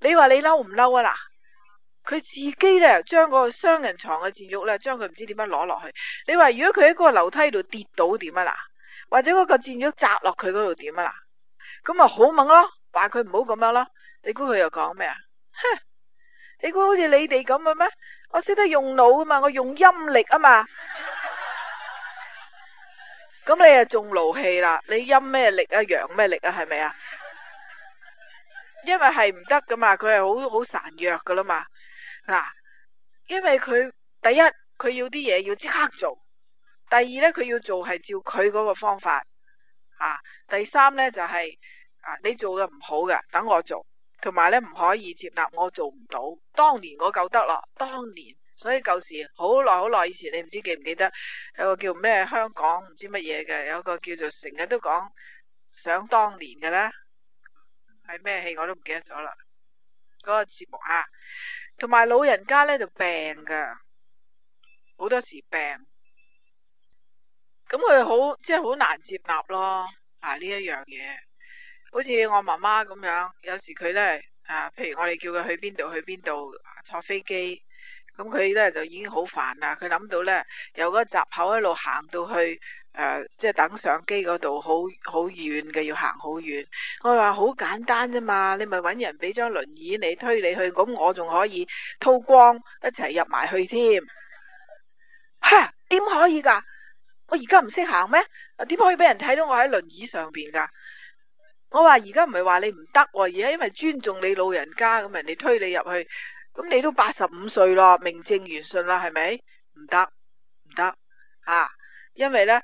你話你嬲唔嬲啊？嗱，佢自己咧將個雙人床嘅床褥咧，將佢唔知點樣攞落去。你話如果佢喺嗰個樓梯度跌倒點啊嗱，或者嗰個床褥砸落佢嗰度點啊嗱？咁咪好猛咯，話佢唔好咁樣咯。你估佢又講咩啊？哼，你估好似你哋咁嘅咩？我識得用腦啊嘛，我用陰力啊嘛，咁 [LAUGHS] 你又仲勞氣啦？你陰咩力啊？陽咩力啊？係咪啊？因為係唔得噶嘛，佢係好好孱弱噶啦嘛，嗱，因為佢第一佢要啲嘢，要即刻做，第二咧佢要做係照佢嗰個方法，啊，第三咧就係、是、啊你做嘅唔好噶，等我做。同埋咧唔可以接納，我做唔到。當年我夠得啦，當年所以舊時好耐好耐以前，你唔知記唔記得有個叫咩香港唔知乜嘢嘅，有個叫做成日都講想當年嘅咧，係咩戲我都唔記得咗啦。嗰，那個節目啊，同埋老人家咧就病噶，好多時病，咁佢好即係好難接納咯，係、啊、呢一樣嘢。好似我媽媽咁樣，有時佢呢，啊，譬如我哋叫佢去邊度去邊度、啊、坐飛機，咁、嗯、佢呢就已經好煩啦。佢諗到呢，由嗰個閘口一路行到去、呃、即係等相機嗰度，好好遠嘅，要行好遠。我話好簡單啫嘛，你咪搵人俾張輪椅你推你去，咁、嗯、我仲可以偷光一齊入埋去添。哈、啊，點可以噶？我而家唔識行咩？點可以俾人睇到我喺輪椅上面噶？我話而家唔係話你唔得，而係因為尊重你老人家，咁人哋推你入去，咁你都八十五歲咯，名正言順啦，係咪？唔得，唔得，吓，啊，因為呢，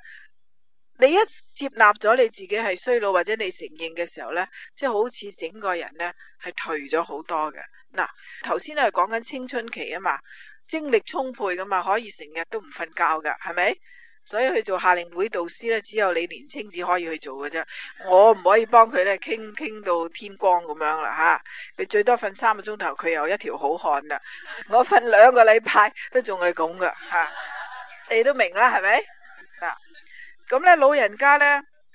你一接納咗你自己係衰老或者你承認嘅時候呢，即係好似整個人呢係頹咗好多嘅。嗱，頭先都係講緊青春期啊嘛，精力充沛噶嘛，可以成日都唔瞓覺噶，係咪？所以去做夏令會導師咧，只有你年青至可以去做嘅啫、嗯啊。我唔可以幫佢咧傾傾到天光咁樣啦吓。佢最多瞓三個鐘頭，佢又一條好漢啦。我瞓兩個禮拜都仲係咁噶吓，你都明啦係咪？嗱，咁、啊、咧老人家咧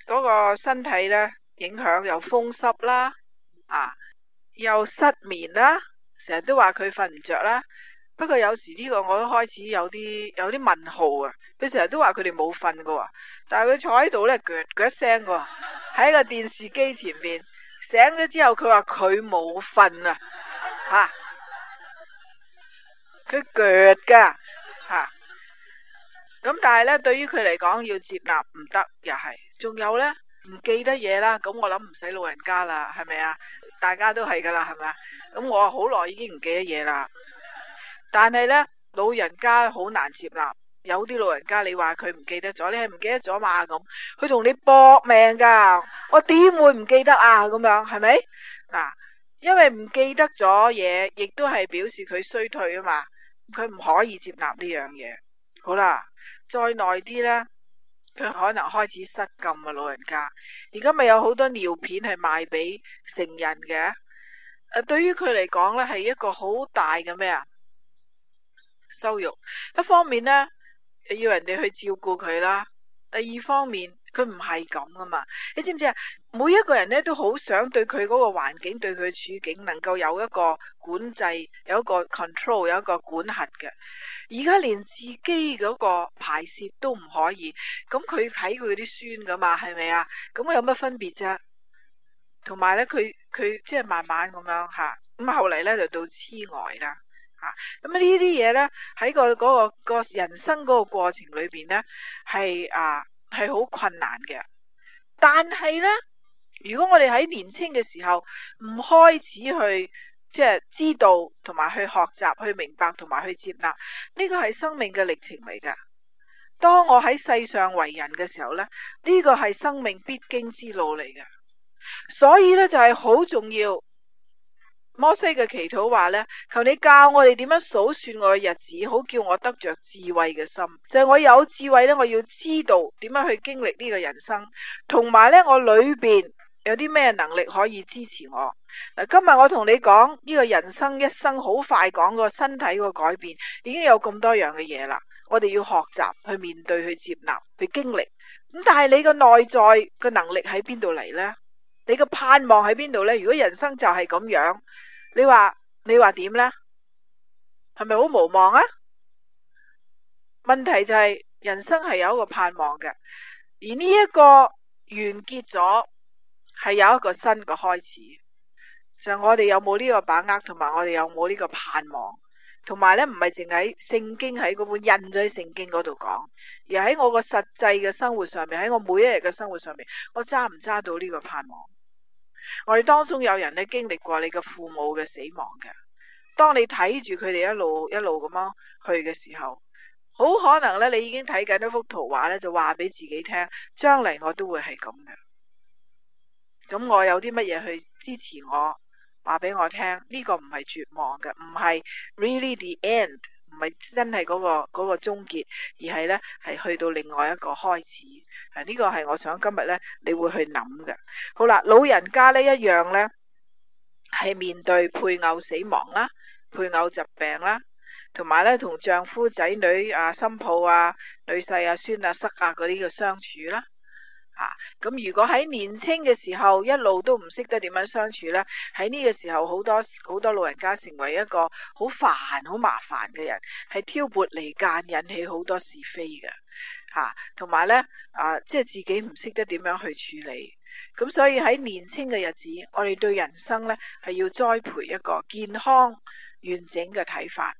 嗰、嗰個身體咧影響又風濕啦，啊又失眠啦，成日都話佢瞓唔着啦。不過有時呢個我都開始有啲有啲問號啊！佢成日都話佢哋冇瞓噶，但係佢坐喺度呢，腳腳聲噶，喺個電視機前面醒咗之後，佢話佢冇瞓啊！吓，佢腳噶吓，咁但係呢，對於佢嚟講要接納唔得，又係仲有呢，唔記得嘢啦。咁我諗唔使老人家啦，係咪啊？大家都係噶啦，係咪啊？咁我好耐已經唔記得嘢啦。但係咧，老人家好難接納。有啲老人家你，你話佢唔記得咗，你係唔記得咗嘛？咁佢同你搏命㗎，我點會唔記得啊？咁樣係咪？嗱，因為唔記得咗嘢，亦都係表示佢衰退啊嘛。佢唔可以接納呢樣嘢。好啦，再耐啲咧，佢可能開始失禁啊。老人家而家咪有好多尿片係賣俾成人嘅。誒，對於佢嚟講咧，係一個好大嘅咩啊？羞辱一方面呢，要人哋去照顧佢啦，第二方面佢唔係咁噶嘛，你知唔知啊？每一個人呢都好想對佢嗰個環境、對佢處境能夠有一個管制、有一個 control、有一個管轄嘅。而家連自己嗰個排泄都唔可以，咁佢睇佢啲酸噶嘛，係咪啊？咁有乜分別啫？同埋呢，佢佢即係慢慢咁樣吓，咁後嚟呢，就到痴呆啦。咁呢啲嘢呢，喺個個個人生嗰個過程裏邊呢，係啊係好困難嘅。但係呢，如果我哋喺年輕嘅時候唔開始去即係知道同埋去學習、去明白同埋去接納呢個係生命嘅歷程嚟噶。當我喺世上為人嘅時候呢，呢個係生命必經之路嚟噶。所以呢，就係好重要。摩西嘅祈禱話呢，求你教我哋點樣數算我嘅日子，好叫我得着智慧嘅心。就係、是、我有智慧呢，我要知道點樣去經歷呢個人生，同埋呢我裏邊有啲咩能力可以支持我。今日我同你講呢、這個人生一生好快講個身體個改變，已經有咁多樣嘅嘢啦。我哋要學習去面對、去接納、去經歷。咁但係你個內在個能力喺邊度嚟？呢？你個盼望喺邊度呢？如果人生就係咁樣？你話你話點咧係咪好無望啊？問題就係、係、人生係有一個盼望嘅，而呢一個完結咗，係有一個新嘅開始。就係、我哋有冇呢個把握，同埋我哋有冇呢個盼望？同埋咧唔係淨喺聖經喺嗰本印在聖經嗰度講，而喺我個實際嘅生活上面，喺我每一日嘅生活上面，我揸唔揸到呢個盼望？我哋當中有人咧經歷過你嘅父母嘅死亡嘅，當你睇住佢哋一路一路咁樣去嘅時候，好可能咧你已經睇緊一幅圖畫咧，就話俾自己聽，將來我都會係咁嘅。咁我有啲乜嘢去支持我？話俾我聽，呢個唔係絕望嘅，唔係 really the end。唔係真係嗰個嗰個終結，而係呢，係去到另外一個開始。啊，呢個係我想今日呢，你會去諗嘅。好啦，老人家呢一樣呢，係面對配偶死亡啦、配偶疾病啦，同埋呢，同丈夫仔女啊、新抱啊、女婿啊、孫啊、室啊嗰啲嘅相處啦。吓咁，啊、如果喺年青嘅時候一路都唔識得點樣相處呢？喺呢個時候好多好多老人家成為一個好煩、好麻煩嘅人，係挑撥離間，引起好多是非嘅吓，同，啊、埋呢，啊，即係自己唔識得點樣去處理咁，啊，所以喺年青嘅日子，我哋對人生呢，係要栽培一個健康完整嘅睇法。